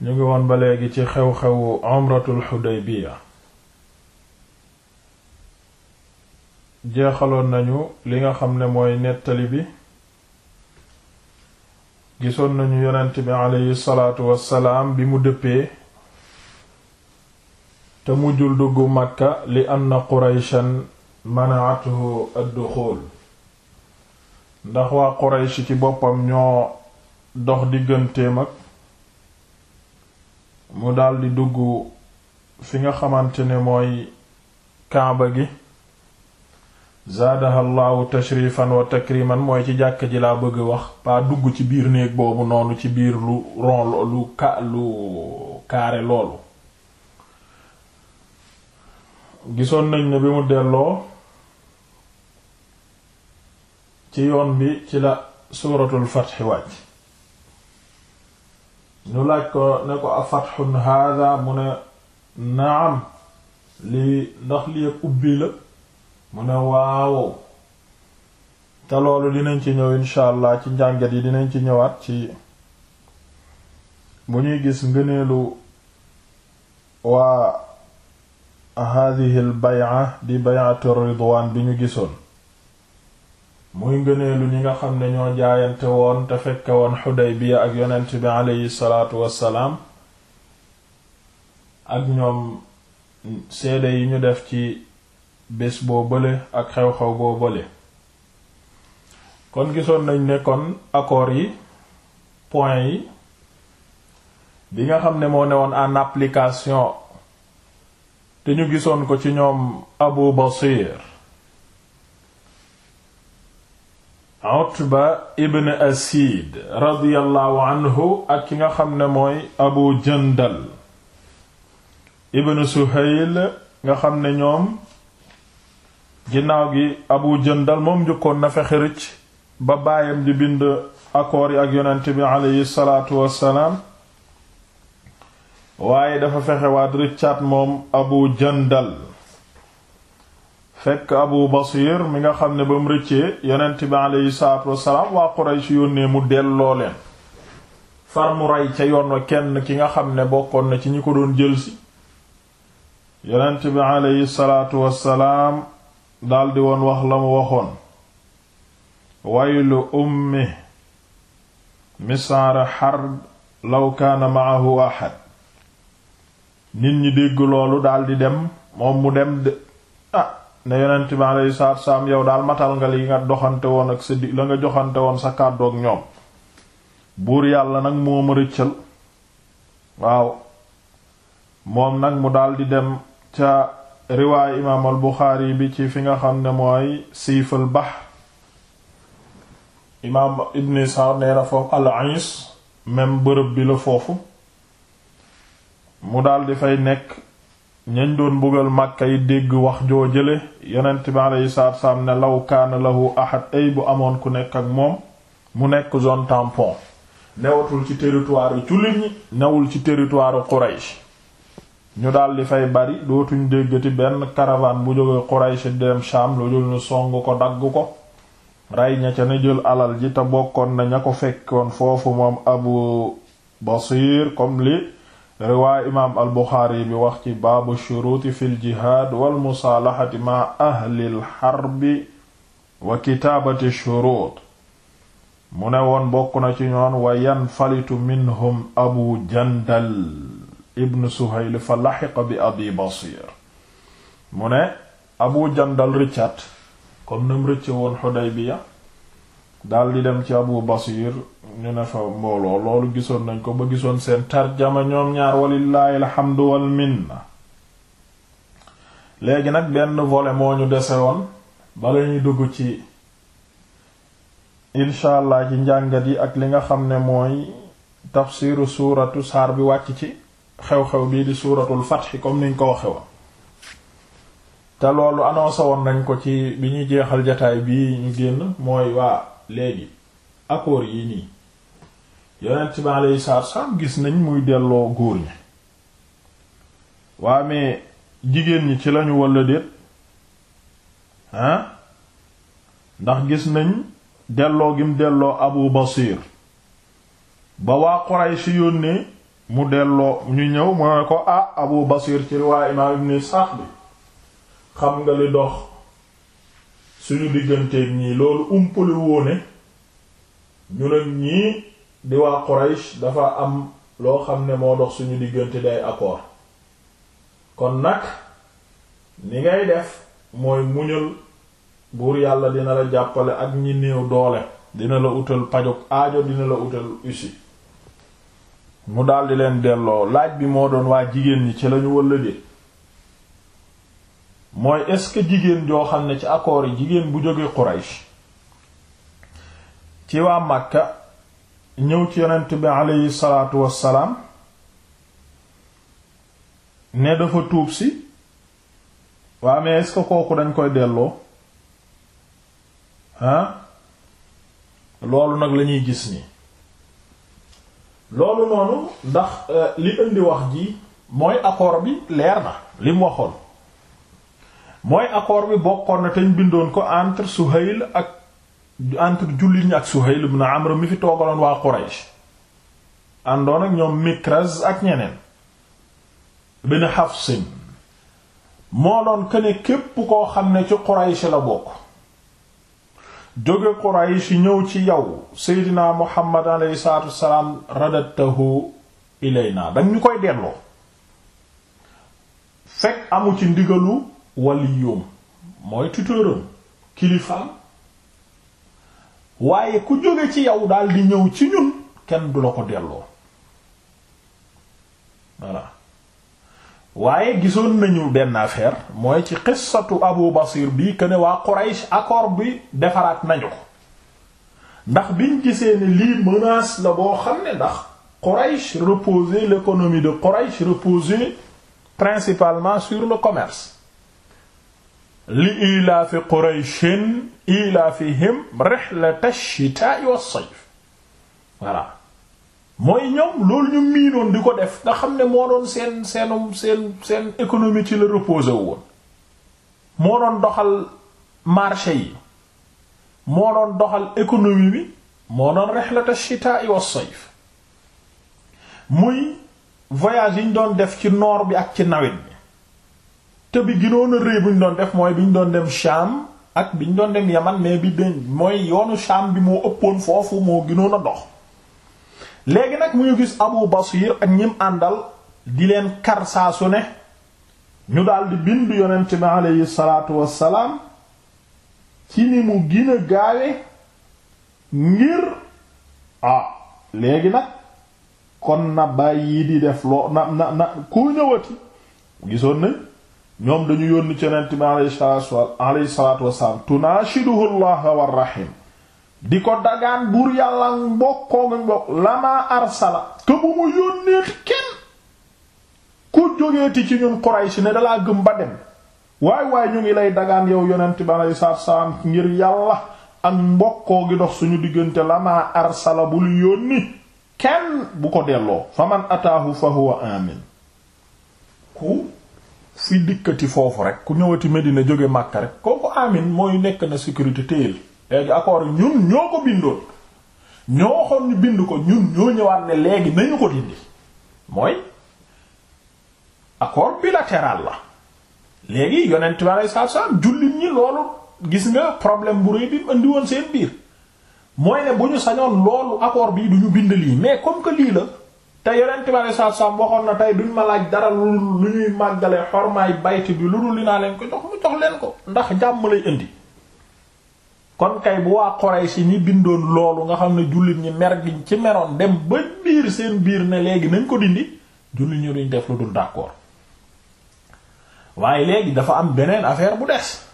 ñu ngi woon ba léegi ci xew-xewu umratul Hudaybiya jeexaloon nañu li nga xam ne mooy nettali bi gisoon nañu yonent bi aleyhi salaatu wassalaam bi mu dëppee te mujjul dugg Makka li anna Qurayshan mana'athu ad-duxuul ndax waa Quraysh ci boppam ñoo dox digganteem ak mu daldi dugg fi nga xamante ne mooy kaaba gi zaadaha llahu tashrifan wa takriman mooy ci jàkk ji laa bëgg wax pa dugg ci biir néeg boobu noonu ci biir lu ron lu kaare loolu gisoon nañ ne bi mu delloo ci yoon bi ci la suuratul fatxi wàcc ñu laaj ko ne ko afathun hada mu ne naam lii ndax li yëpp ubbi la mu ne waawow te loolu dinañ ci ñëw incha allah ci njàngat yi dinañ ci ñëwaat ci bu ñuy gis ngëneelu waa hadhihi al bay'a di bay'atu ridwaan bi ñu gisoon muy ngëneelu ñi nga xam ne ñoo jaayante woon te fekke woon Xudaybiya ak yonent bi aleyhi salaatu wassalaam ak ñoom seede yi ñu def ci bés boo bële ak xew-xew boo bële kon gisoon nañ ne kon accords yi points yi bi nga xam ne moo newoon en application te ñu gisoon ko ci ñoom Abu Basir Utba ibn Asiid radiyallahu ak ki nga xam ne mooy Abu Jandal ibn Suhayl nga xam ne ñoom ginnaaw gi Abu Jandal moom njëkkoon na fexe rëcc ba baayam di bind accords yi ak yonent bi aleyhi salaatu wassalaam waaye dafa fexe waat rëccaat moom Abu jëndal fekk abu basir mi nga xam ne ba mu rëccee yonent bi aleyhi salaatu wassalaam waa yónnee mu delloo leen far mu rey ca yoon wa kenn ki nga xam ne bokkoon na ci ñu ko doon jëlsi yonent bi aleyhi salaatu wassalaam daldi woon wax la mu waxoon waylu ummi misaara xarb law kaana maahu ahad nit ñi dégg loolu daldi dem moom mu dem de ah ne yonent bi alayhi salaatu salaam yow daal matal nga li nga doxante woon ak sa di la nga joxante woon sa kàddoog ñoom buur yàlla nag moo ma rëccal waaw moom nag mu daldi dem ca riwaay imaam al Buxaari bi ci fi nga xam ne mooy siifal bax imaam Ibn Isaaq nee foofu al-Anis même bërëb bi la foofu mu daldi fay nekk ñañ doon mbugal Makka yi dégg wax joo jële yonent bi alayhi salaatu wa ne law kaana lahu ahad ay bu amoon ku nekk ak moom mu nekk zone tampon newatul ci territoire yu ñi newul ci territoire yu ñu daal di fay bari dootuñ déggati benn caravane bu jóge Quraysh dem Sham lu dul ñu song ko dagg ko rey ña ca ne jël alal ji te bokkoon na ña ko fekkoon foofu moom Abu Basir comme li riwaay imaam al buxaari bi wax ci baabu shuruuti fi ljihaad wal musaalaxati ma ahlil xarbi wa kitaabati shuruut mu ne woon bokk na ci ñoon wa yanfalitu minhum abu jandal ibn suhayl fa laxiqa bi abi basir mu ne abu jandal rëccaat comme nam rëcce woon xudaybiya dal di dem ci abu basir ñu ne fa mbooloo loolu gisoon nañ ko ba gisoon seen tarjama ñoom ñaar walillaahi alhamdu wal minna léegi nag benn volet moo ñu dese woon bala ñuy dugg ci incha allah njàngat yi ak li nga xam ne mooy tafsiru suuratu saar bi wàcc ci xew-xew bii di suuratul fath comme niñ ko waxe woon te loolu annoncé woon nañ ko ci bi ñuy jeexal jataay bii ñu génn mooy waa léegi accord yi nii yonent bi alayhi salaatu wassalaam gis nañ muy delloo góor ñi waa mais jigéen ñi ci lañu walla déet ah ndax gis nañ delloo gim delloo Abu Basir ba waa Quraysh yónnee mu delloo ñu ñëw mu ne ko ah Abu Basir ci riwaa imaam Ibn Sa'd bi xam nga li dox suñu digganteeg ñii loolu umpale woone ñu nag ñii di waa Quraysh dafa am loo xam ne moo dox suñu diggante day accord kon nag ni ngay def mooy muñal buur yàlla dina la jàppale ak ñi néew doole dina la utal pajok aajo dina la utal usi mu daldi leen delloo laaj bi moo doon waa jigéen ñi ci lañu wëlla déet mooy est-ce que jigéen joo xam ne ci accord yi jigéen bu jóge Quraysh ci waa Makka ñëw ci yonent bi aleyhi salaatu wassalaam ne dafa tuub si waa mais est-ce kooku dañ koy delloo ah loolu nag lañuy gis ni loolu noonu ndax euh, li indi wax ji mooy accord bi leer na li waxoon mooy accord bi bokkoon na te bindoon ko entre Suhayl ak entre jullit ak Suhayl ibn Amr mi fi toogaloon waa Quraysh àndoon ak ñoom Mikraz ak ñeneen bin Hafsin moo doon këne képp koo xam ne ci Quraysh la bokk jóge Quraysh ñëw ci yow Seydina Muhammad alayhi salaatu wassalaam radatahu ilayna ñu koy delloo fekk amu ci ndigalu waliyoom mooy tuteuram kilifaam waaye ku jóge ci yow daal di ñëw ci ñun kenn du la ko delloo voilà waaye gisoon nañu benn affaire mooy ci qissatu Abu Basir bi que ne waa Quraysh accord bi defaraat nañu ndax biñ gisee ni lii menace la boo xam ne ndax Quraysh reposait l'économie de Quraysh reposait principalement sur le commerce li fi qurayshin ilaafihim rihlata shitaa'i was-sayf voilà mooy ñoom loolu ñu miinoon di ko def nga xam ne moo doon seen seenum seen seen économie ci la reposé woon moo doon doxal marché yi moo doon doxal économie bi moo doon rihlata shitaa'i was-sayf muy voyage yi ñu doon def ci noor bi ak ci nawet bi te bi gënoon a rëy bu ñu doon def mooy bi ñu doon dem Sham ak bi ñu doon dem Yaman mais bi dëñ mooy yoonu Sham bi moo ëppoon foofu moo gënoon a dox léegi nag mu ñu gis Abu Basir ak ñim àndal di leen kar saa su ñu daldi bindu yonent bi aleyhi salaatu wassalaam ci ni mu gën gaawe ngir ah léegi nag kon na bàyyi di def loo na na na ku ñëwati gisoon nañ ñoom dañu yónni ci yonent bi alayhi salaatu wassalaam tunaashiduhu allah war rahim di ko dagaan buur yàlla mbokkoo nga mbokk lama arsala que bu mu yónneeti kenn ku jógeeti ci ñun Quraysh ne dalaa gëm ba dem waaye waaye ñu ngi lay dagaan yow yonent bi alayhi salaatu ngir yàlla ak mbokkoo gi dox suñu diggante lama arsala bul yónni kenn bu ko delloo faman ataahu fa huwa fi dikkati foofu rek ku ñëwati Medina jóge Makka rek kooku amin mooy nekk na sécurité téyel léegi accord ñun ñoo ko bindoon ñoo waxoon ñu bind ko ñun ñoo ñëwaat ne léegi nañu ko dindi mooy accord bilatéral la léegi yonent bi alei satu salaam jullit ñi loolu gis nga problème bu réy bi mu indi woon seen biir mooy ne bu ñu sañoon loolu accord bi du ñu bind lii mais comme que lii la te yonent bi alei satu salaam waxoon na tey duñ ma laaj dara lu lu ñuy màggale xormaay bayt bi lu dul li naa leen ko jox mu jox leen ko ndax jàmm lay indi kon kay bu waa Quraysh ñi bindoon loolu nga xam ne jullit ñi mer giñ ci meroon dem ba biir seen biir ne léegi nañ ko dindi jullit ñi duñ def lu dul d'accord waaye léegi dafa am beneen affaire bu des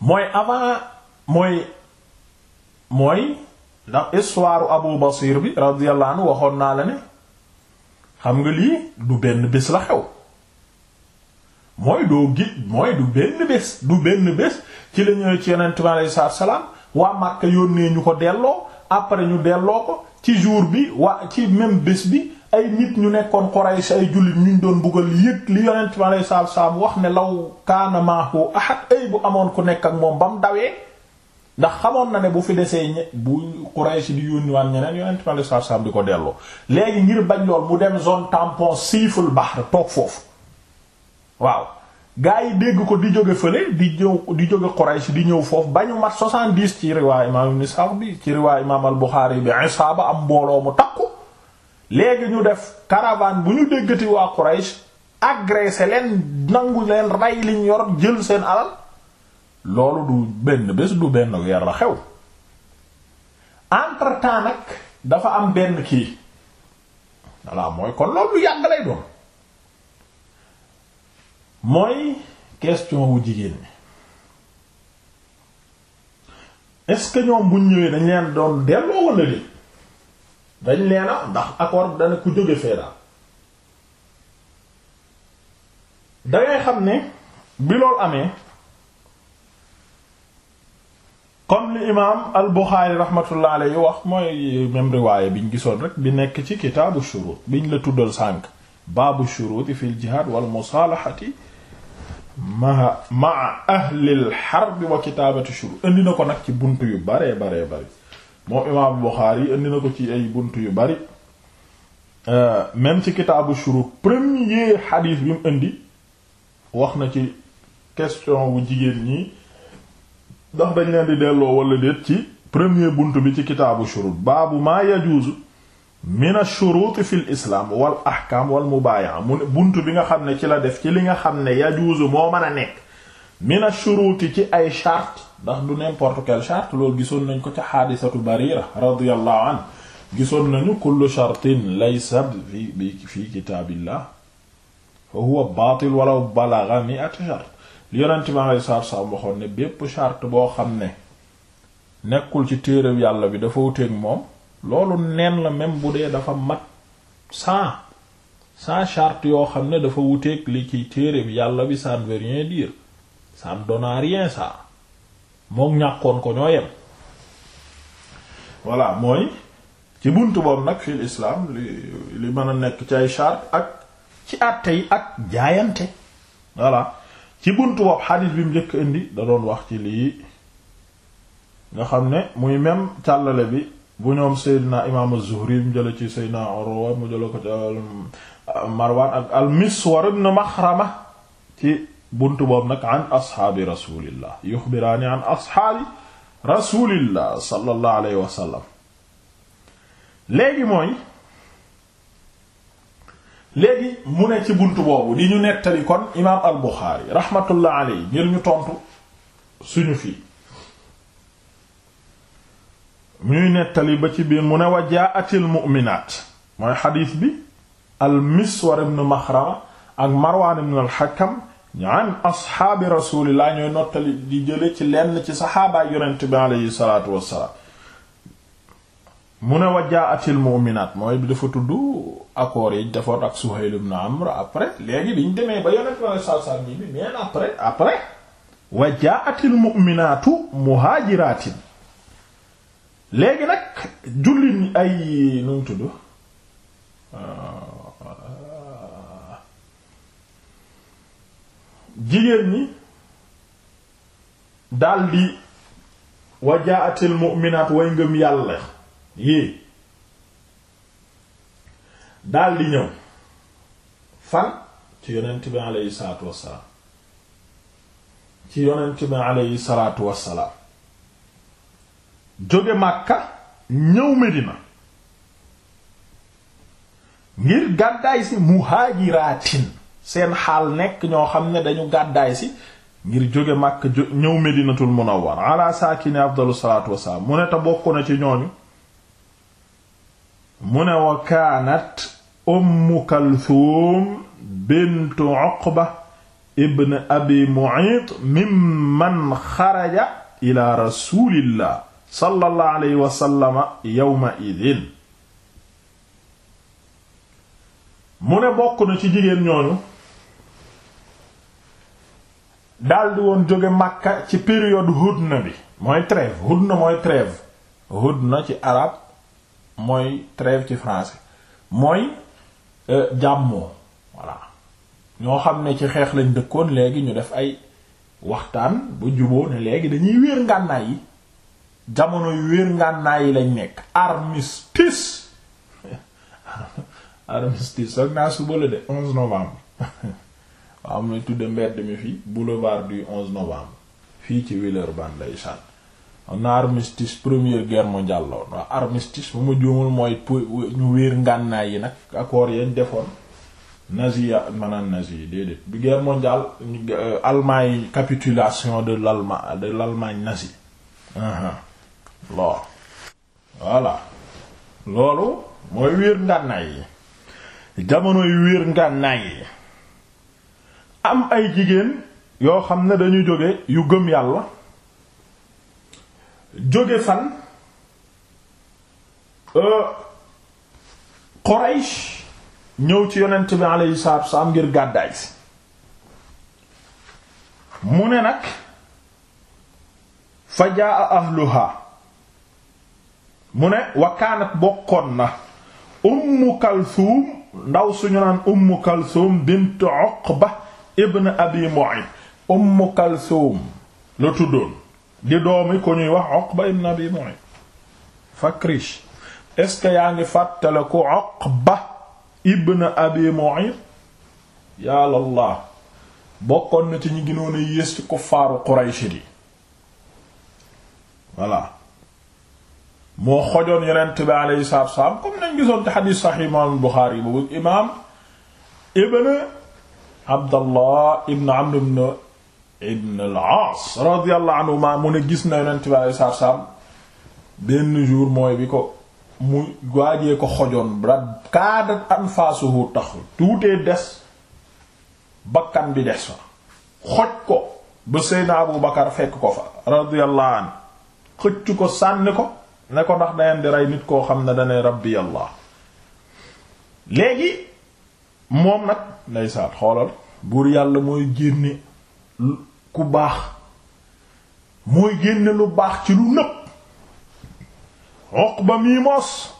mooy avant mooy mooy ndax histoire Abu Basir bi radiyallahu waxoon naa la ne xam nga lii du benn bés la xew mooy doo gi mooy du benn bés du benn bés ci la ci yonent bi alayhi salaatu salaam Makka yónnee ñu ko delloo après ñu delloo ko ci jour bi waa ci même bés bi ay nit ñu nekkoon Quraysh ay jullit ñu ñu doon buggal yëg li yonent bi alayhi wax ne law kaana maahu ay bu amoon ku nekk ak moom ba mu dawee. ndax xamoon na ne bu fi desee ñe bu Quraysh di yónniwaan ñeneen yonent mi alei di ko delloo léegi ngir bañ lool mu dem zone tampon siiful bahr toog foofu waaw gaa yi dégg ko di jóge fële di ñëw di jóge Quraysh di ñëw foofu bañu mat 70 ci riwaa imaam ibn Sa'd bi ci riwaa imaam al-Bukhari bi isaaba am mbooloo mu takku léegi ñu def caravane bu ñu déggati waa Quraysh agressé leen nangu leen rey liñ yor jël seen alal loolu du benn bés du benn weer la xew entre temps nag dafa am benn kii voilà mooy kon loolu lu yàgg lay doon mooy question wu jigéen ñi est-ce que ñoom buñ ñëwee dañ leen doon delloo wala de dañ leen ndax accord dana ku jóge fee dangay xam ne bi loolu amee. comme li imaam al Buxaari rahmatullah alayhi wax mooy même riwaaye biñ gisoon rek bi nekk ci kitaabu shuruut biñ la tuddal sànq baabu shuruuti fil jihaad wal musaalahati ma maa ahlil harbi wa kitaabati shuruut indi na ko nag ci bunt yu baree baree bëri moom imaam Buxaari indi na ko ci ay bunt yu bëri euh, même ci kitaabu shuruut premier xadiis bi mu indi wax na ci question wu jigéen ñi ndax dañ leen di delloo wala déet ci premier bunt bi ci kitaabu shurut baabu maa yajuuzu min ash-shurut fi l islaam wal ahkaam wal mubaayaa mu ne bunt bi nga xam ne ci la def ci li nga xam ne yajuuzu moo mën a nekk min ash-shurut ci ay charte ndax du n'importe quelle charte loolu gisoon nañ ko ca xaadisatu barira radiyallahu an gisoon nañu kullu shartin laysa fi fi kitaabillah fa huwa baatil walaw balagha mi'at shart li yonent bi alayhi salaatu wasallam waxoon bépp charte boo xam ne nekkul ci téerew yàlla bi dafa wuteeg moom loolu neen la même bu dee dafa mat cent cent charte yoo xam ne dafa wuteeg li ci téerew yàlla bi ça ne veut rien dire ça ne moom ñàkkoon ko ñoo yem voilà mooy ci bunt boobu nag fil islaam li mën a nekk ci ay charte ak ci àtte yi ak jaayante voilà ci buntu bopp xadiis bi mu njëkk indi da doon wax ci lii nga xam ne muy même càllale bi bu ñoom Seydina imaam az-Zuhri mu jële ci Seydina Urwa mu jële ko ci Marwan ak al-Miswar Maxrama ci bunt boobu nag an asxaabi rasulillah yuxbiraani an asxaabi rasulillah sallallahu alayhi wa sallam léegi mooy léegi mu ne ci bunt boobu li ñu nettali kon imaam al Buxaari rahmatullah aley ñu tontu suñu fii ñuy nettali ba ci biir mu ne wa jaa'atil mu'minaat mooy xadiis bi al Miswar ibn Maxrama ak Marwaan ibn al Hakam an asxaabi rasulillah ñooy nottali di jële ci lenn ci saxaabaay yonent bi aleyhi salaatu wassalaam mu ne wa ja'atil mu'minaat mooy dafa tudd accords yi defoon ak Suhayl ibn Amr après léegi biñ demee ba yonent ma salsal ñi bi mais après après wa ja'atil mu'minaatu muhaajiraatin léegi nag jullit ñi euh, daldi wa ja'atil mu'minaat way ngëm yàlla yii daldi ñëw fan ci yonent bi aleyhi salaatu wassalaam ci yonent bi aleyhi salaatu wassalaam jóge Makka ñëw Medina ngir gàddaay si muhaajiraatin seen xaal nekk ñoo xam ne dañu gàddaay si ngir jóge Makka ñëw Medinatul Munawwar ala saakini afdalu salaatu wassalaam mu ne te bokk na ci ñooñu mu ne wa kaanat ummu kalthum bintu uqba ibn abi mu'ayt mimman xaraja ila rasulillah sallallahu alayhi wa sallam yawma idin mu ne bokk na ci jigéen ñooñu daldi woon jóge Makka ci période hudna bi hudna mooy trêve hudna ci arab mooy trêve ci français mooy euh, jàmmoo voilà ñoo xam ne ci xeex lañ dëkkoon léegi ñu def ay waxtaan ba juboo ne léegi dañuy wéer ngànnaay yi jamono yu wéer ngànnaay yi lañ nekk armistice armistice soog naa suba la de 11 novembre waaw am na tudde mbedd mi fii boulevard du 11 novembre fii ci Villeurbanne lay sant am na armistice première guerre mondiale la woon waaw armistice bu ma juumul mooy ñu wéer ngànnaay yi nag accords yañ defoon nazi ya maanaam nazi déedéet bi guerre mondiale euh, Allemagne capitulation de l'Allemagne de l'Allemagne nazi uh-huh. lo voilà loolu mooy wéer ngànnaay yi jamonoy wéer ngànnaay yi am ay jigéen yoo xam ne dañu jóge yu gëm yàlla jóge fan euh, Quraysh ñëw ci yonent bi alayhi salaatu ngir gàddaay si mu ne nag fa jaa ahluha mu ne wa kaanat bokkoon na ummu kalsuum ndaw suñu naan ummu kalsuum bint uqba ibn abi mu'ayt ummu kalsuum la tuddoon di doomi ko ñuy wax Uqba ibn Abi Mu'ayt Fakrish est-ce que yaa ngi fàttale ku Uqba ibn Abi Mu'ayt yàlla Allah bokkoon na ci ñi gënoon ci kuffaaru Quraysh yi voilà moo xojoon yonent bi alayhi salaatu salaam comme nañ gisoon ci xadiis Sahih Imaam Buxaari boobu imaam Ibn Abdallah Ibn Amr ibn al-Aas radiyallahu anhuma mu ne gis na yonent bi alayhi salaatu salaam benn jour mooy bi ko mu waajee ko xojoon ba kaadat anfaasuhu taxul tuutee des bakkan bi des fa xoj ko ba Seydina Abu Bakar fekk ko fa radiyallahu anhu xëcc ko sànni ko ne ko ndax dangeen di rey nit koo xam ne danay rabbi yàlla léegi moom nag ndeysaan xoolal buur yàlla mooy génne ku baax mooy génne lu baax ci lu nëpp Uqba mii moos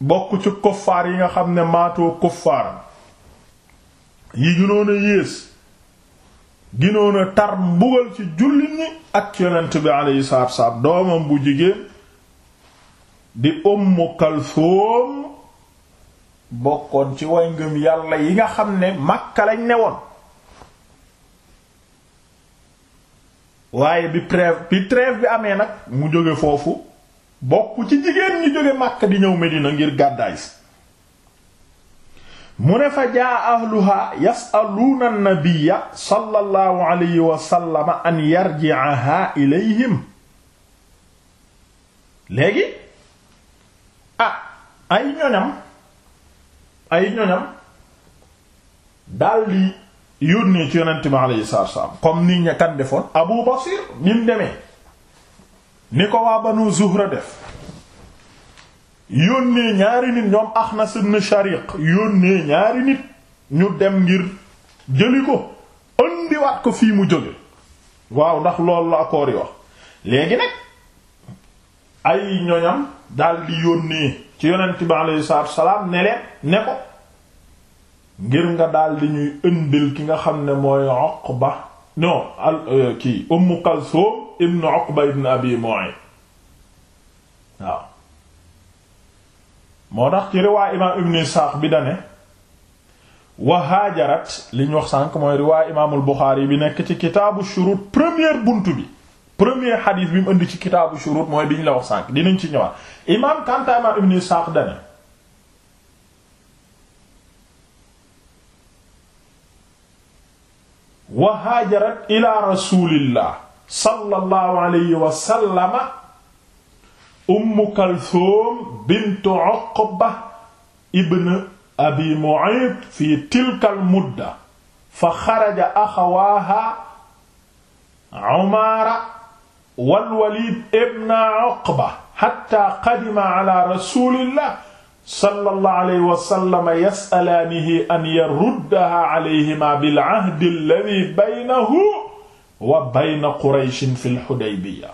bokk ci kuffaar yi nga xam ne maatoo kuffaar yi ginoon a yées ginoon a tar mbugal ci jullit ñi ak yonent bi alayhi salaatu wassalaam doomam bu jigéen di Ummu Kalsuum bokkoon ci way ngëm yàlla yi nga xam ne Makka lañ newoon waaye bi trêve bi trêve bi amee nag mu jóge foofu bokk ci jigéen ñi jóge Makka di ñëw Medina ngir gàddaay si mu ne fa jaa ahluha yasaluuna nabiyya sallallahu alayhi wa sallam an yarji'aha ilayhim léegi ah ay ñoñam ay ñoñam daldi yónnee ci yonent bi alayhi salaatu salaam comme ni ñu defoon Abu Basir ni demee ni ko waa Banu Zuhra def yónnee ñaari nit ñoom Axnas ibn Shariq yónnee ñaari nit ñu dem ngir jëli ko ëndiwaat ko fii mu jóge waaw ndax loolu la accord yi léegi nag ay ñoñam daldi yónnee ci yonent bi alayhi salaatu salaam ne leen ne ko ngir nga daldi ñuy ëndil ki nga xam ne mooy Uqba non al euh, kii Umm Kalsum ibn Uqba ibn Abi Mu'ayt waaw moo tax ci riwaay imaam ibn Isaaq bi dane wa haajarat li ñu wax sànk mooy riwaay imaamul Buxaari bi nekk ci kitaabu shuruut première bunt bi premier xadiis bi mu indi ci kitaabu shuruut mooy bi ñu la wax sànk dinañ ci ñëwaat imaam Kantaa imaam ibn Isaaq dane wa haajarat ila rasulillah sallallahu alayhi wa sallama ummu kalthum bintu uqba ibn abi mu'ayt fi tilka al mudda fa xaraja axawaaha umaara wal waliid ibn uqba hatta qadima ala rasulillah sallallahu alayhi wa sallam yas'alaanihi an yaruddahaa alayhimaa bil ahdi alladhii baynahu wa bayna Qurayshin fil Hudaybiyya.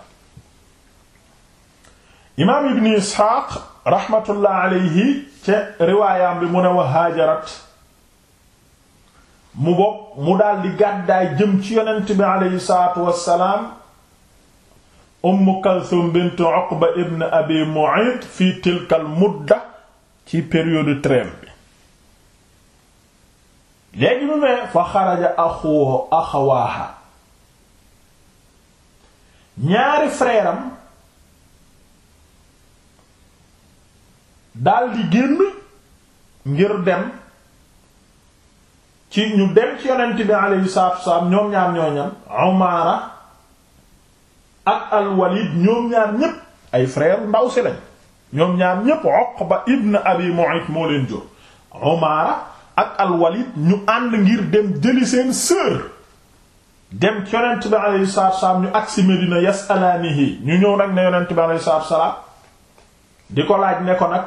imaam Ibn Isxaaq rahmatullah alayhi ca riwaayam bi mu ne wa haajarat mu bopp mu daal di gàddaay jëm ci yonent bi alayhi salaatu wa salaam. Umm Kalsuum bint Uqba ibn Abi Mu'ayt fii tilkal mudda. ci période trêve bi léegi mu ne fa xaraja axu axawaaha ñaari frère am daldi génn ngir dem ci ñu dem ci yonent bi alayhi salaatu wasalaam ñoom ñaar ñooñam Umaara ak al ñoom ñaar ñépp ay frère ndaw si lañ ñoom ñaar ñépp Uqba ibn Abi Mu'ayt moo leen jur Umaara ak al ñu ànd ngir dem jëli seen sœur dem ci yonent bi alayhi salaatu salaam ñu agsi Medina yasalaanihi ñu ñëw nag ne yonent bi alayhi salaatu salaam di ko laaj ne ko nag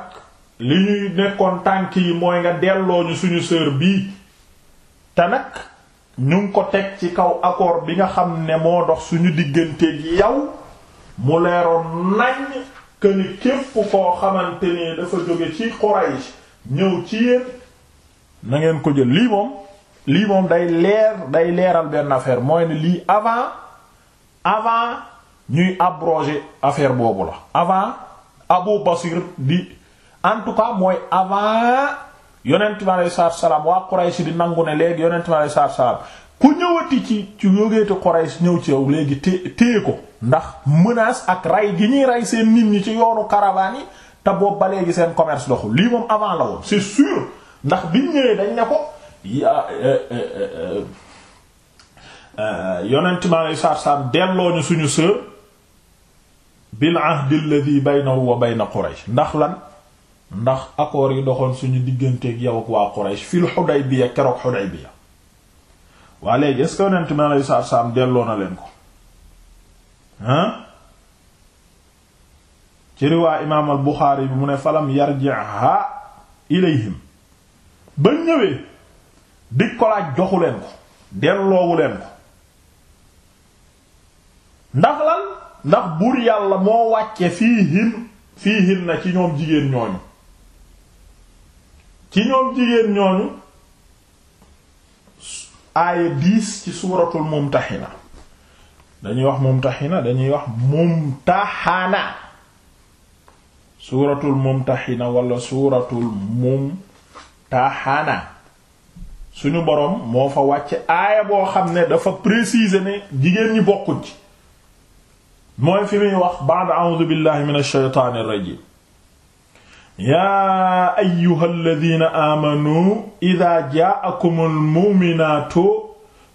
li ñuy nekkoon tànk yi mooy nga delloo ñu suñu sœur bii te nag ñu ngi ko teg ci kaw accord bi nga xam ne moo dox suñu digganteeg yow mu leeroon nañ que ni képp koo xamante ni dafa jóge ci Quraysh ñëw ci yéen na ngeen ko jël lii moom lii moom day leer day leeral benn affaire mooy ne lii avant avant ñuy abroger affaire boobu la avant Abu Basir di en tout cas mooy avant yonent bi aleyhi salaatu salaam waa Quraysh di nangu ne léegi yonent bi aleyhi salaatu salaam ku ñëwaati ci ci yógeete Quraysh ñëw ci yow léegi té téye ko ndax mënaas ak ray gi ñuy ray seen nit ñi ci yoonu caravane yi te boobu ba léegi seen commerce doxul lii moom avant la woon c'est sûr ndax biñ ñëwee dañ ne ko euh, euh, euh, yonent delloo ñu suñu sër bil ahdi alladhi baynahu wa bayna Quraysh ndax lan ndax accords yi doxoon suñu digganteeg yow ak waa Quraysh waa léegi est-ce que yonent mi alei satu salaam delloo na leen ko ah ci riwaa imaam al bi mu ne falam yarjiha ilayhim ba ñëwee di ko laaj joxu leen ko delloowu leen ko ndax lan ndax buur yàlla moo wàcce fiihim fiihim na ci ñoom jigéen ñooñu ci ñoom jigéen ñooñu aaya 10 ci suuratul Mumtahina dañuy wax mumtaxina dañuy wax mumtaxana suuratul mumtaxina wala suuratul mumtaxana suñu boroom moo fa wàcce aaya boo xam ne dafa préciser ne jigéen ñi bokkuñ ci mooy fi muy wax ba'da a'uudu billahi minash shaytaanir rajiim yaa ayyuhal ladhiina aamanuu idhaa jaa'akumul mu'minaatu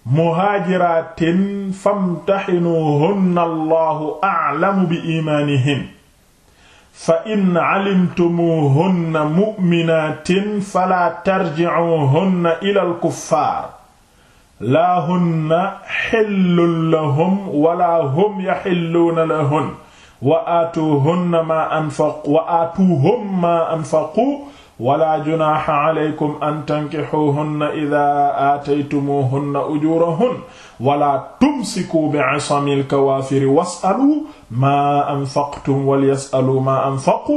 muhaajiraatin famtaxinuuhunna allahu aclamu bi iimaanihin fa in calimtumuuhunna mu'minaatin falaa tarjicuuhunna ilal kuffaar laa hunna xillun lahum walaa hum yaxilluuna lahun wa aatuuhunna maa anfaqu wa aatuuhum maa anfaqu wala junaaha alaykum an tankixuuhunna ida aataytumuuhunna ujuurahunna wala tumsikuu bi'isami al-kawaafiri was'aluu maa anfaqtum walyasaluu maa anfaquu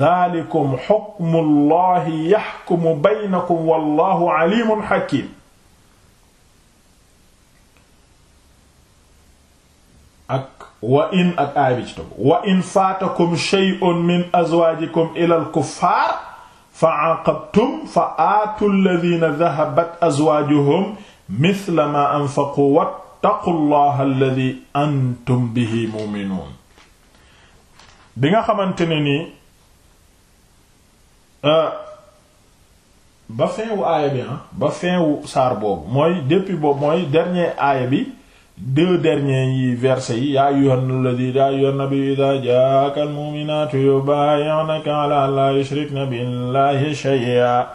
daalikum xukmu llahi yaxkumu baynakum wallahu aliimun xakiim ak wa in ak aay bi ci tog wa in faatakum shay'un min azwaajikum ila al-kuffaar fa aaqabtum fa aatu alladina dahabat azwaajuhum mithla ma anfaqu wattaqu allah alladi antum bihi muminuun bi nga xamante ne nii euh, ba fin wu aaya bi ah ba fin wu saar boobu mooy depuis boobu mooy dernier aaya bi deux derniers yi versets yi yaa ayyuhan ladhi yaa ayyuhan nabi idha jaaka al-mu'minatu yubayi'naka ala an la yushrikna billahi shay'an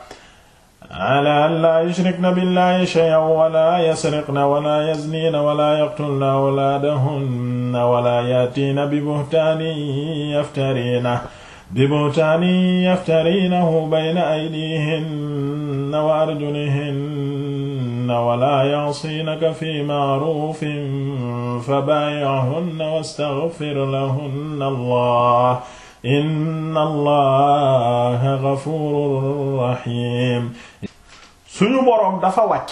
ala an la yushrikna billahi shay'an wa la yasriqna wa la yaznina wa la yaqtulna awladahunna wa la ya'tina bi buhtanin yaftarinahu bibuhtaanin yaftarinahu bayna aydihinna wa arjulihinna wa laa ya'siinaka fii ma'ruufin fabaayi'hunna wastaghfir lahunna allah inna allaha ghafuurun rahiim suñu boroom dafa wàcc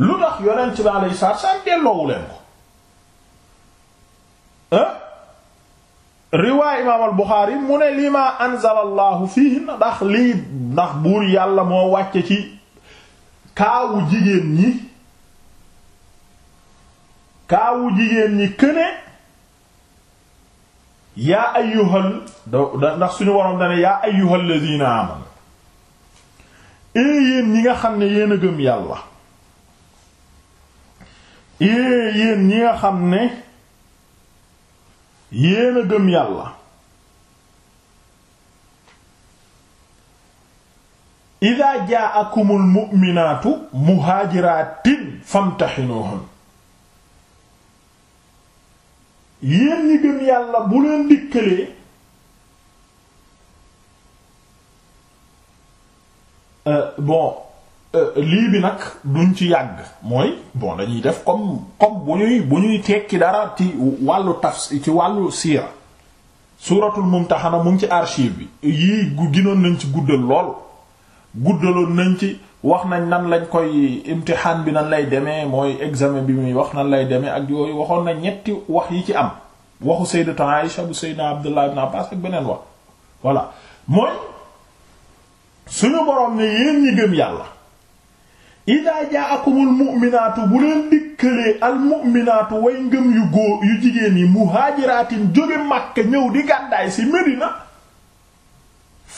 lu tax yonent bi alayhi salaatu wa salaam delloowu leen ko riwaay imaam al Buxaari mu ne li ma anzala allahu fii ndax lii ndax buur yàlla moo wàcce ci kaawu jigéen ñi kaawu jigéen ñi këne yaa ayyuhal ndax suñu waroon dana yaa ayyuhal ladina amanu ee eh, yéen ñi nga xam ne yéen a gëm yàlla ee eh, ñi nga xam ne yéen a gëm yàlla idaa jaa'akumul mu'minaatu muhaajiraatin famtahinuhun yéen ñi gëm yàlla bu leen dikkalee euh, bon Euh, lii bi nag duñ ci yàgg mooy bon dañuy def comme comme bu ñuy bu ñuy tekki dara ci wàllu tafs ci wàllu siira suuratul mum mu ngi ci archive bi yii ginoon nañ ci guddal lool guddaloon nañ ci wax nañ nan lañ koy imtixaan bi nan lay demee mooy examen bi muy wax nan lay demee ak yooyu waxoon na ñetti wax yi ci am waxu sayyidatu Aisha bu sayyidina Abdullah na Abbas ak beneen wax voilà mooy suñu boroom ne yéen ñi gëm yàlla idaa jaa'akumul mu'minaatu bu leen dikkalee al mu'minaatu way ngëm yu góor yu jigéen yi muhaajiraatin jóge Makka ñëw di gàddaay ci Medina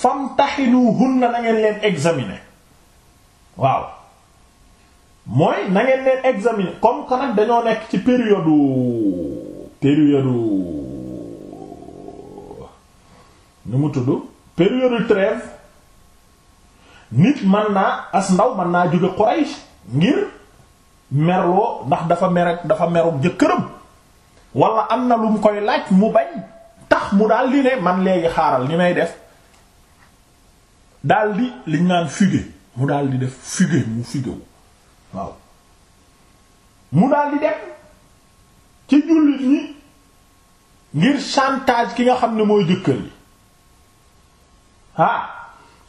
famtahinuhunna na ngeen leen examiner waaw mooy na leen examiner comme que dañoo nekk ci période période nu mu tudd période nit man naa as ndaw man naa jóge Quraysh ngir merloo ndax dafa mer dafa meru jëkkëram wala am na lu mu koy laaj mu bañ tax mu daal di ne man léegi xaaral ni may def daldi li liñ naan mu daal di def fugue mu fugue wu waaw mu daal dem ci jullit ñi ngir chantage ki nga xam ne mooy jëkkër yi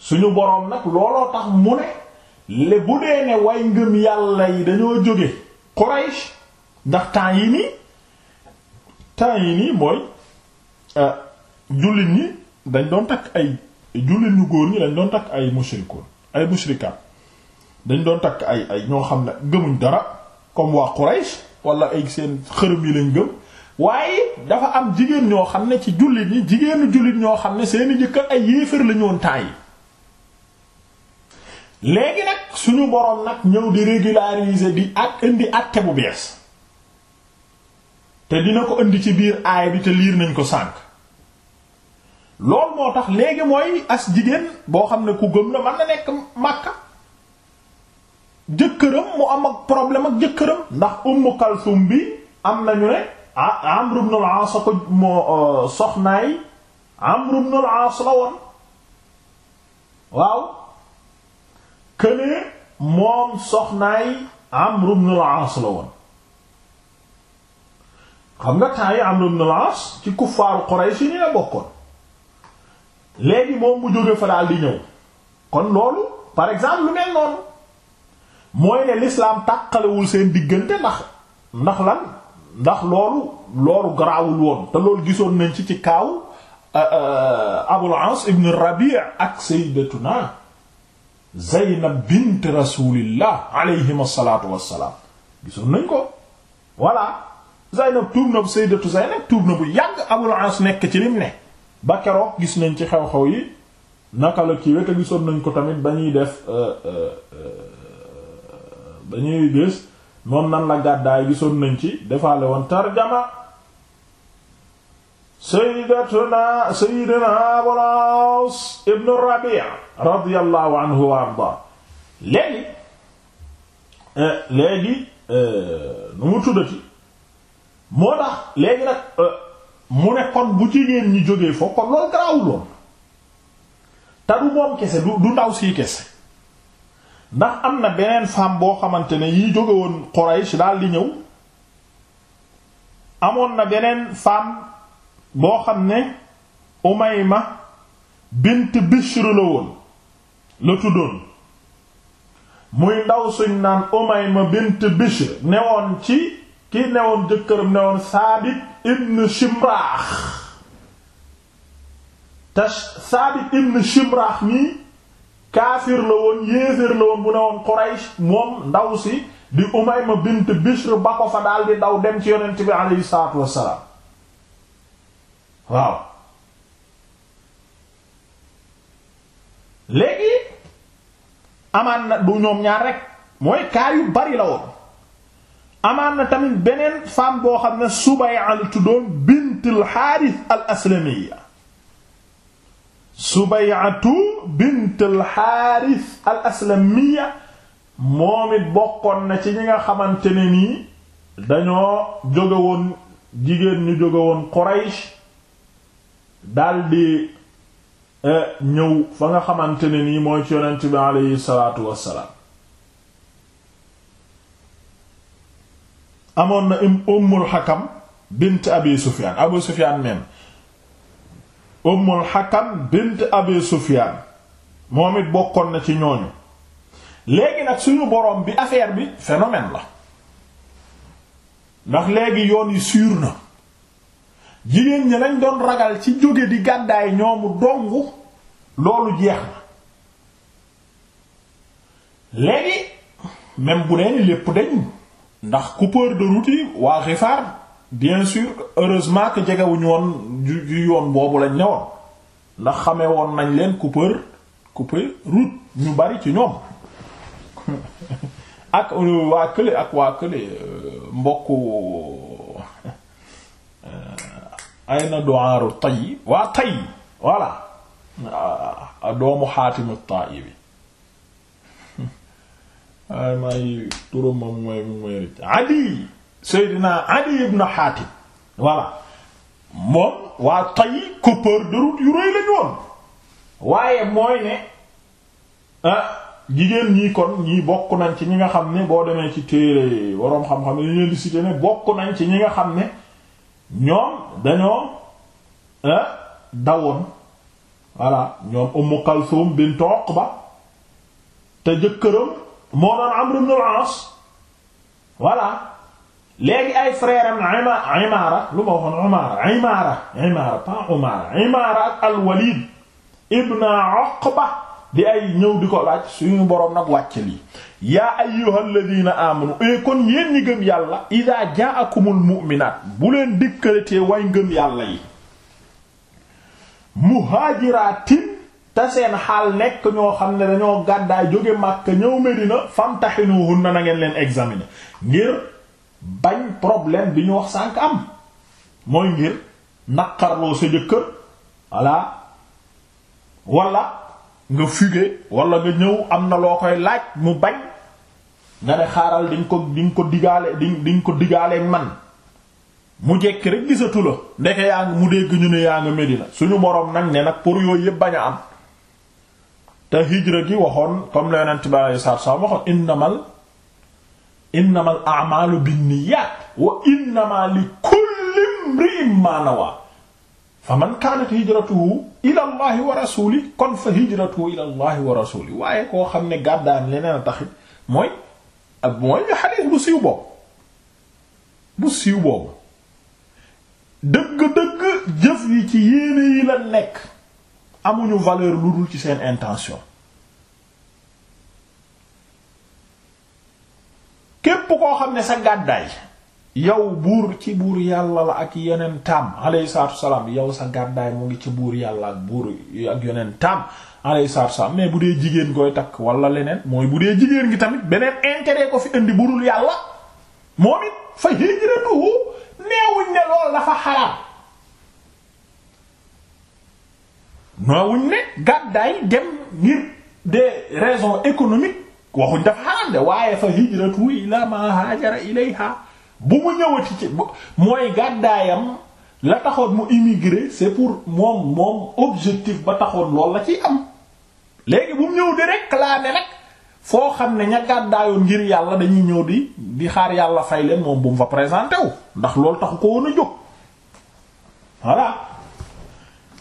suñu boroom nag looloo tax mu ne le bu dee ne way ngëm yàlla yi dañoo jóge Quraysh ndax temps yi nii yi nii mooy euh, jullit ñi dañ doon takk ay jullit ñu góor ñi dañ doon takk ay mushrikoon ay mushrikaat dañ doon takk ay ay ñoo xam ne gëmuñ dara comme waa Quraysh wala ay seen xërëm yi lañ gëm waaye dafa am jigéen ñoo xam ne ci jullit ñi jigéenu jullit ñoo xam ne seeni jëkkër ay yéefar lañu woon temps yi léegi nag suñu boroom nag ñëw di régulariser bi ak indi àtte bu bees te dina ko indi ci biir aaya bi te liir nañ ko sànk loolu moo tax léegi mooy as jigéen boo xam ne ku gëm na man na nekk Makka jëkkëram mu am ak problème ak jëkkëram ndax Umm Kalsum bi am nañu ne ah, Amr ibn al-As ko moo euh, soxnaay Amr ibn al-As la woon waaw kënee moom soxnaay Amr ibn al la woon xam nga temps yi Amr ibn al ci kuffaaru Quraysh ni la bokkoon léegi moom mu jóge fa daal di ñëw kon loolu par exemple lu mel noonu mooy ne l'islam tàqalewul seen diggante ndax ndax lan ndax loolu loolu garaawul woon te loolu gisoon nañ ci ci kaaw euh, euh, Abul As ibn Rabi' ak Sayyidatuna Zeynab bint rasulillah alayhim asalaatu wassalaam gisoon nañ ko voilà Zeynab tuub na bu sayyidatu Zeynab tuub na bu yàgg Abul As nekk ci lim ne ba keroog gis nañ ci xew-xew yi naka la kiiwe te gisoon nañ ko tamit ba ñuy def euh, euh, euh, ba ñuy gis moom nan la gàddaay gisoon nañ ci defaale woon tarjama sayyidatuna sayyidina Abul Aas ibn Rabi' radiyallahu anhu wa ardaa léegi euh, léegi euh, nu mu tuddati moo tax léegi nag euh, mu ne bu jigéen ñi jógee foofu kon loolu garawuloon te du moom kese du ndaw sii kese ndax am na beneen femme boo xamante ne yi jóge woon Quraysh daal di ñëw amoon na beneen femme boo xam ne Umayma bint Bishr la woon la tuddoon muy ndaw suñ naan Umayma bint Bishr newoon ci ki newoon jëkkëram newoon Saabit ibn Shimraax te Saabit ibn Shimraax nii kaafir la woon yéeféer woon bu newoon Quraysh moom ndaw si di Umayma bint Bishr ba ko fa daal di daw dem ci yonent bi aleyhi salaatu wassalaam waaw léegi amaan na du ñoom ñaar rek mooy kaa yu bari la woon amaan na tamit beneen femme boo xam ne Subay'a la tuddoon bint al-Harith al bint al-Harith moom it bokkoon na ci ñi nga xamante ne nii dañoo jóge jigéen ñu jógewoon woon Quraysh daldi eh, ñëw fa nga xamante ne nii mooy ci yonent bi aleyhi salaatu wassalaam amoon na ummul xakam bint abi sufiyaan abu sufiyaan même ummul xakam bint abi sufiyaan moom it bokkoon na ci ñooñu léegi nag suñu boroom bi affaire bi phénomène la ndax léegi yoon yi suur na jigéen ñi lañ doon ragal ci jóge di gàddaay ñoomu dong loolu jeex na léegi même bu nee lépp dañ ndax coupeur de route yi waa Gifaar bien sûr heureusement que jegewuñu woon ju yoon boobu lañ ne woon ndax xamee woon nañ leen coupeur coupeur route ñu bari ci ñoom ak euh, waa kële ak waa kële euh, mbokku ay na du'aaru tay waa tay voilà ah, ah, doomu xaatimu tayi bi ay maay turam ma mu may mu may rëcc adi seydina adi ibn xaatim voilà moom waa tay coupeur de yu rëy lañu woon waaye mooy ne ah jigéen ñi kon ñii bokk nañ ci ñi nga xam ne boo demee ci téere boroom xam-xam ne ñu leen di ne bokk nañ ci ñi nga xam ne ñoom dañoo euh, dawoon voilà ñoom Ummu Kalsum bint Uqba te jëkkëram moo doon Amr ibn al-As voilà léegi ay frère am Imaara lu ma waxoon Umaara Imaara Imaara pas Umaara Imaara ak al-Walid ibn Uqba di ay ñëw di ko laaj suñu boroom nag wàcc lii yaa ayyuhal ladina amanu e eh, kon yéen ñi gëm yàlla idaa jaakumul mu'minaat bu leen dikkalatee way ngëm yàlla yi muhaajiraatin te seen xaal nekk ñoo xam ne dañoo gàddaay jóge Makka ñëw Medina famtahinuhunna na ngeen leen examiner ngir bañ problème bi ñu wax sànk am mooy ngir naqarloo sa jëkkër voilà nga fugue wala nga ñëw am na loo koy laaj mu bañ nga xaaral di ko di ko digaale di di nga ko digaaleeg man mu jekki rek gisatu la ndeke yaa ngi mu dégg ñu ne yaa ngi Medina suñu boroom nag ne nag pour yooyu yëpp bañ a am te hijra gi waxoon comme la yonent bi alayhi salaatu salaam waxoon innamal innamal a'maalu binniyaat wa innamaa li kulli imri'in maa nawaa fa man kaanat hijratuhu ila allahi wa rasuli kon fa hijratuhu ila allahi wa rasuli waaye koo xam ne gàddaan leneen a taxit mooy ab mooy xadiis bu siiw boobu bu siiw boobu dëgg-dëgg jëf yi ci yéene yi la nekk amuñu valeur lu dul ci seen intention képp koo xam ne sa gàddaay yow buur ci buur yàlla la ak yeneen taam alayhi salaatu wasalaam yow sa gàddaay mu ngi ci buur yàlla ak buur ak yeneen taam alayhi salaam mais bu dee jigéen koy takk wala leneen mooy bu dee jigéen gi tamit beneen intérêt ko fi indi budul yàlla moom it fa hijratuhu neewuñ ne loolu dafa xaraam noowuñ ne gàddaay dem ngir des raisons économiques waxuñ dafa xaraam de waaye fa hijratuhu ila ma haajara ilayha bu mu ñëwati ci mooy gàddaayam la taxoon mu immigré c'est pour moom moom objectif ba taxoon loolu la ci am léegi bu mu ñëw di rek laa ne nag foo xam ne ña gàddaayoon ngir yàlla dañuy ñëw di di xaar yàlla fay leen moom bu mu fa présenté ndax loolu taxu ko woon a jóg voilà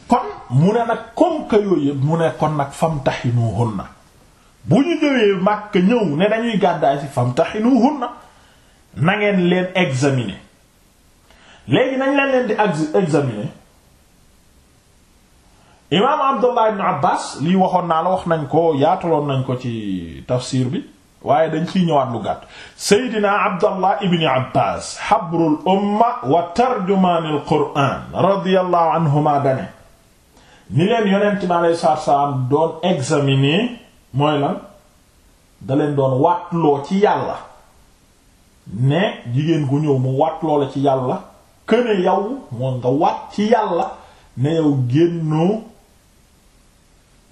kon mu ne nag comme que yooyu yëpp mu ne kon nag na bu ñu ñëwee Makka ñëw ne dañuy gàddaay ci famtahinuhunna na ngeen leen examiner léegi nañ leen leen di examiner imaam abdullah ibn abbas lii waxoon naa la wax nañ ko yaataloon nañ ko ci tafsir bi waaye dañ ciy ñëwaat lu gàtt seydina abdullah ibn abbas xabrul umma wa tarjumaanil qur'aan radiyallahu anhuma dane ni leen yonent bi alayhi salaatu salaam doon examiner mooy lan da leen doon waatloo ci yàlla ne jigéen gu ñëw mu waatloo la ci yàlla këne yow moo nga waat ci yàlla ne yow génnoo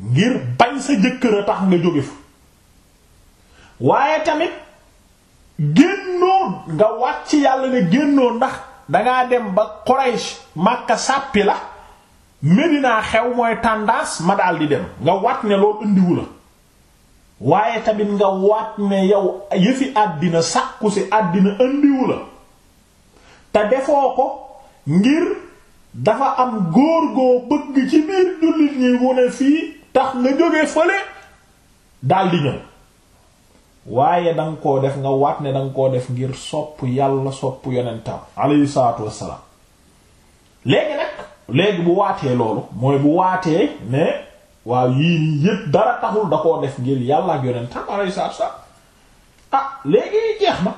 ngir bañ sa jëkkër a tax nga jóge fa waaye tamit génnoo nga wàcc yàlla ne génnoo ndax dangaa dem ba Quraysh Makka sàppi la Medina xew mooy tendance ma daal di dem nga waat ne loolu indiwu la waaye tamit nga waat ne yow yëfi àddina sàkku si àddina indiwu la te defoo ko ngir dafa am góor goo bëgg ci biir jullit ñi wone fii tax nga jógee fële daal di ñëw waaye da nga koo def nga waat ne da koo def ngir sopp yàlla sopp yonentam alayhi salaatu wassalaam léegi nag léegi bu waatee loolu mooy bu waatee ne waaw yii nii yépp dara taxul da koo def ngir yàlla ak yonentam alayhi salaatu wassalaam ah léegi jeex na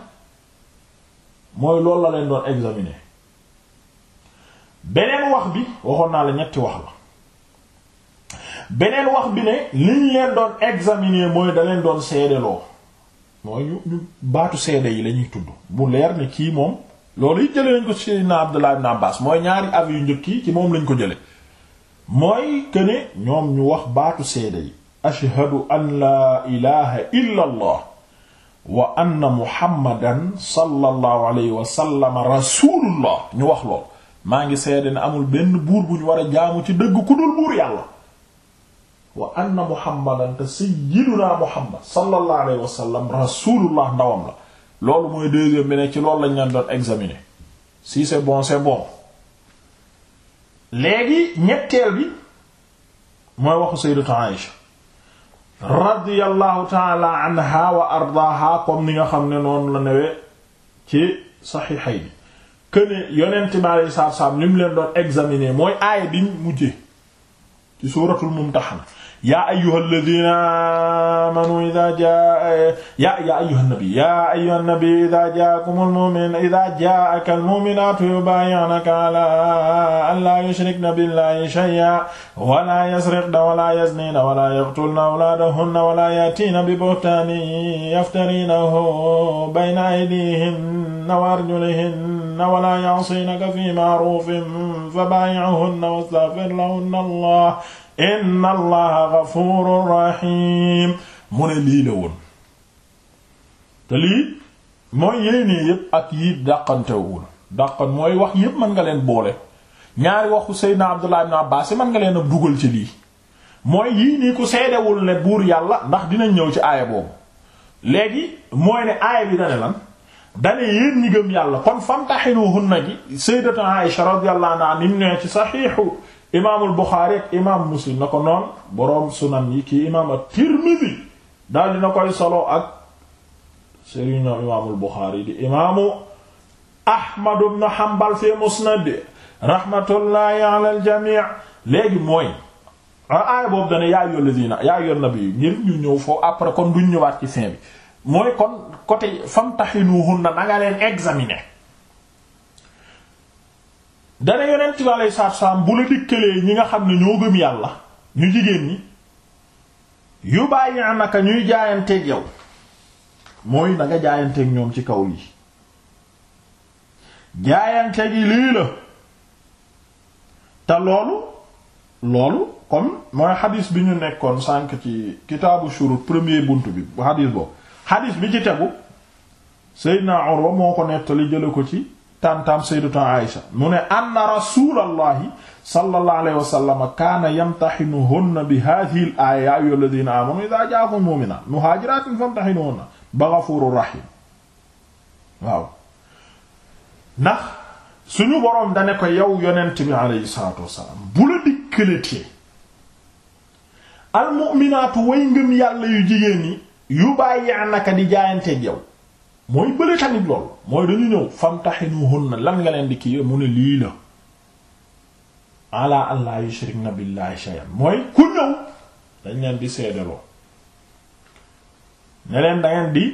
mooy loolu la leen doon examiner beneen wax bi waxoon naa la ñetti wax la beneen wax bi ne liñ leen doon examiner mooy da leen doon seedeloo mooy ñu baatu seede yi lañuy tudd bu leer ne kii moom loolu it jëlee nañ ko Seydina Abdullah ibn Abbas mooy ñaari avis yu njëkk yi ci moom lañu ko jële mooy que ne ñoom ñu wax baatu seede yi ashhadu an laa ilaha illa allah wa anna muhammadan sallallahu alayhi wa sallam rasulullah ñu wax lool maa ngi seede ne amul benn buur bu ñu war a jaamu ci dëgg ku dul buur yàlla wa anna muhammadan te sayyiduna muhammad sallallahu alayhi wa sallam rasulullah ndawam la loolu mooy deuxième bi ne ci loolu lañ leen doon examiner si c'est bon c'est bon léegi ñetteel bi mooy waxu sayyidatu Aïsha radiyallahu ta'ala anha wa ardaaha comme ni nga xam ne noonu la newee ci saxiixay bi këne yonent bi alayhi salaatu wa li mu leen doon examiner mooy aaya bi mujje ci suuratul Mumtahana yaa ayyuhal ladina amanu idha jaa ya ya ayyuhan nabi ya ayyuhan nabi idha jaakumul mu'min idha jaakal mu'minatu yubay'unaka ala an la yushrikna billahi shay'an wa la yasriqna wa la yaznina wa la yaqtulna awladahunna wa la yatina bi buhtanin yaftarinahu bayna aydihinna wa arjulihinna wa la ya'sinaka fi ma'rufin fabay'uhunna wastaghfir lahunna Allah inna allaha ghafurur rahim mu ne lii la woon te lii mooy yéenee yépp ak yi dàqantewul dàqan mooy wax yépp mën nga leen boole ñaari waxu seydna abdullah ibn abbas yi mën nga leen a dugal ci lii mooy yii nii ku seedewul ne buur yàlla ndax dinañ ñëw ci aaya boobu léegi mooy ne aaya bi dane lan dane yéen ñi gëm yàlla kon famtaxinuhunna ji sayyidatu aisha radiyallahu anha nim ne ci saxiixu imaamul Buxaari ak imaam Muslim na ko noon boroom sunan yi kii imaam at-Tirmidhi daal dina koy solo ak sëriñu imaamul Buxaari di imaamu Ahmad ibn Hanbal fi musnad rahmatullahi ala jamii léegi mooy aaya boobu dana yaa ayyuhal ladina yaa ayyuhan nabiyyu ngir ñu ñëw foofu après kon duñ ñëwaat ci fin bi mooy kon côté famtahinuhunna na nga leen examiner dana yonent bi aleyhi salaatu salaam bu la dikkalee ñi nga xam ne ñoo gëm yàlla ñu jigéen ñi yu bàyyi naka ñuy jaayanteeg yow mooy na nga jaayanteeg ñoom ci kaw lii jaayante gi lii la te loolu loolu kon mooy xadis bi ñu nekkoon sànq ci kitaabu shurut premier bunt bi xadis boobu xadis bi ci tegu Seydina Urwa moo ko nettali jële ko ci taam-taam sayyidatu Aïsha mu ne anna rasulallahi sallallahu alayhi wa sallam kaana yamtahinuhunna bi hadhihi al-aya ya ayyuha alladhina amanu idha ja'akum mu'minatun muhajiratin famtahinuhunna ba ghafurur rahim waaw ndax suñu boroom dane ko yow yonent bi alayhi salatu wasalaam bu la dikkalatee almu'minaatu way ngëm yàlla yu jigéen yi yu bàyyi naka di jaayanteeg yow mooy bële tamit lool mooy dañu ñëw famtahinuhunna lan nga leen di kii mu ne lii la ala an la yushrikna billahi shay'an mooy ku ñëw dañ leen di seedeloo ne leen da di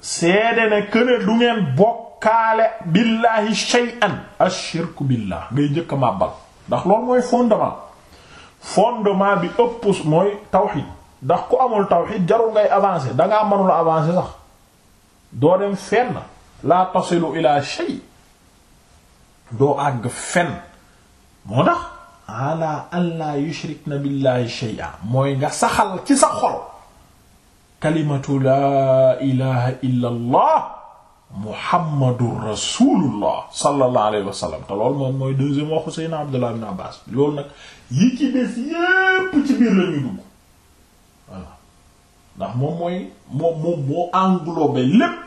seede ne këne du ngeen bokkaale billahi shay'an ashirku billah ngay njëkk a màbbal ndax loolu mooy fondement fondement bi ëpp mooy tawxid ndax ku amul tawxid jarul ngay avancer dangaa mënula avancé sax doo dem fenn laa tasilu ila shay doo àgg fenn moo tax ala an laa yushrikna billahi shay'a mooy nga saxal ci sa xol kalimatu laa ilaha la ñu dugg voilà ndax moom mooy moom moom moo englobé lépp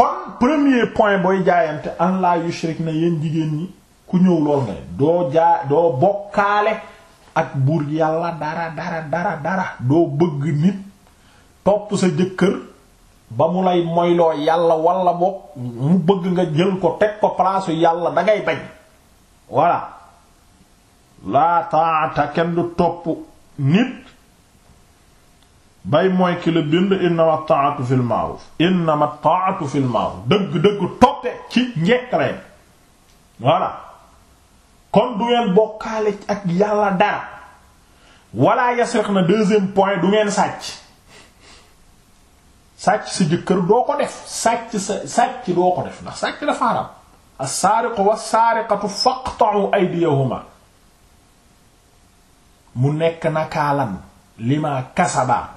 kon premier point booy jaayante an la yushrik na yéen jigéen ñi ku ñëw lool nga doo jaa doo bokkaale ak buur yàlla dara dara dara doo bëgg nit topp sa jëkkër ba mu lay moyloo yàlla wala bokk mu bëgg nga jël ko teg ko place yàlla da ngay bañ voilà laa taata kenn du topp nit bay mooy ki la bind innama ta'atu fil ma'ruf innama ta'atu fil ma'ruf dëgg-dëgg toppe ci njekk leen voilà kon du ngeen bokkaale ak yàlla dara wala yasriq na deuxième point du ngeen sàcc sàcc sa jëkkër doo ko def sàcc sa sàcc doo ko def ndax sàcc dafa haram as-saariqu was-saariqatu faqta'u aydiyahuma mu nekk nakaalan lima kasaba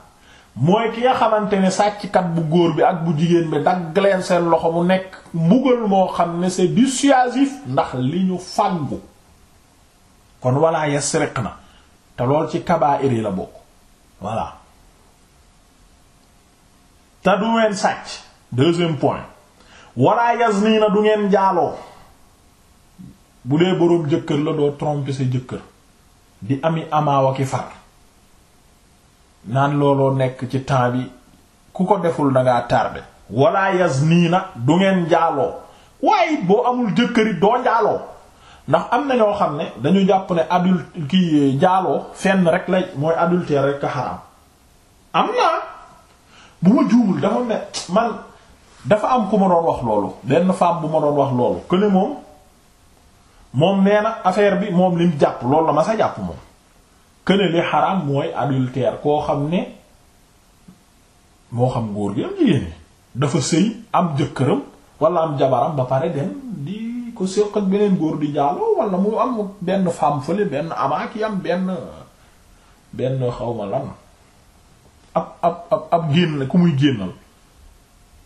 mooy ki nga xamante ne sàcckat bu góor bi ak bu jigéen bi dagg leen seen loxo mu nekk mbugal moo xam ne c'est dissuasif ndax li ñu fàggu kon walla yasriq na te lool ci kabaa'ir yi la bokk voilà te du ngeen sàcc deuxième point walla yazni na du ngeen jaaloo bu dee boroom jëkkër la doo tromper sa jëkkër di ami amaawa ki far naan looloo nekk ci temps bi ku ko deful dangaa tardé nii yazniina du ngeen njaaloo waaye it boo amul jëkkëri doo njaaloo ndax am na ñoo xam ne dañu jàpp ne adulte ki njaaloo fenn rek lay mooy adultère rek ka am naa bu ma juumul dafa ne man dafa am ku ma doon wax loolu benn femme bu ma doon wax loolu que ne moom moom nee na affaire bi moom lim jàpp loolu la ma sa jàpp moom këne li mooy adultère koo xam ne moo xam góor gi am jigéen dafa sëy am jëkkëram wala am jabaram ba pare dem di ko séq ak beneen góor di jaaloo wala mu am benn femme fële benn amaak yi am benn benn xawma lan ab ab ab ab génn ku muy génnal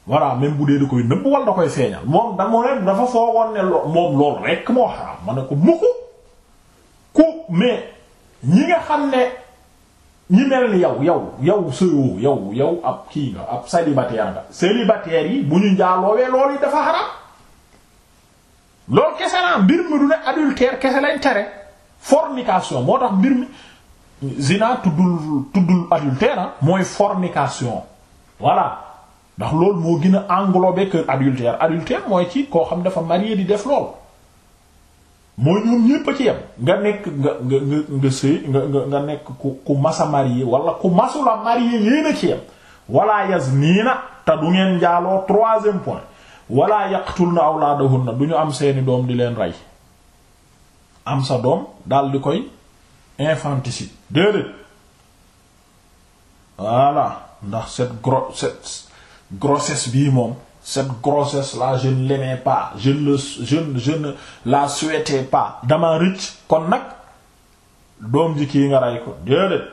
voilà même bu dee da koy nëbb wala da koy feeñal moom dama leen dafa foogoon ne moom loolu rekk moo xaraam ma ne ko mukk ku mais ñi nga xam ne ñi mel ni yow yow yow sëyoo yow yow ab kii nga ab célibataire nga célibataire yi bu ñu njaaloowee lool yi dafa xaram loolu kese naa mbir mi du ne adultère kese lañ tere fornication moo tax mbir mi zina tuddul tuddul adultère ah, mooy fornication voilà ndax loolu moo gën a englober que adultère adultère mooy ci koo xam dafa marié di def lool mooy ñoom ñépp a ci yem nga nekk nga nga nga sëy nga nga nekk ku masa marié wala ku masula marié yéen a ci yem wala yas nii na te du ngeen njaaloo troisième point wala yaqtul na awlaadahunna du ñu am seeni doom di leen rey am sa doom dal di koy infanticide déedéet voilà ndax cette gro cette bii moom cette grossesse la jeune ne pa pas je ne le je ne je ne la suwete pa dama rëcc kon nag doom ji kii nga rey ko déedéet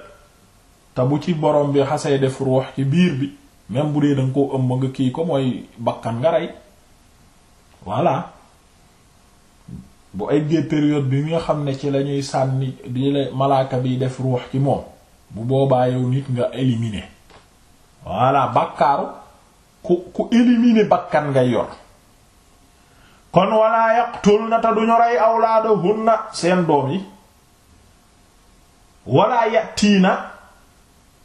te bu ci borom bi xasee def ruux ci biir bi même bu dee da koo ëmb nga kii ko mooy bakkan nga rey voilà bu eggee période bi nga xam ne ci lañuy sànni di la malaaka bi def ruux ci moom bu boobaa yow nit nga éliminé voilà bàkkaaru ku ku éliminer bakkan ngay yor kon wala yaqtulna te duñu rey awlaadahunna seen doom yi wala yatiina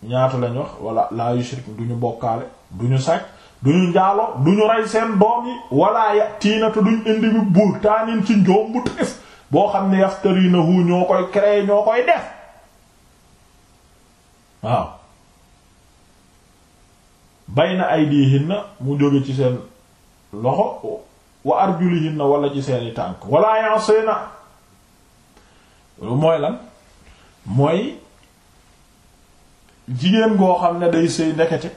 ñaata lañ wax wala laa yushrik duñu bokkaale duñu sàcc duñu njaaloo duñu rey seen doom yi wala yatiina te duñ indi bi buur taanin ci njoom bu tëf boo xam ne yaftarinahu ñoo koy créer ñoo koy def waaw bay na bayna aydihinna mu jóge ci seen loxo wa arjulihinna wala ci seeni tànk wala ya'sina mooy lan mooy jigéen goo xam ne day sëy ndekete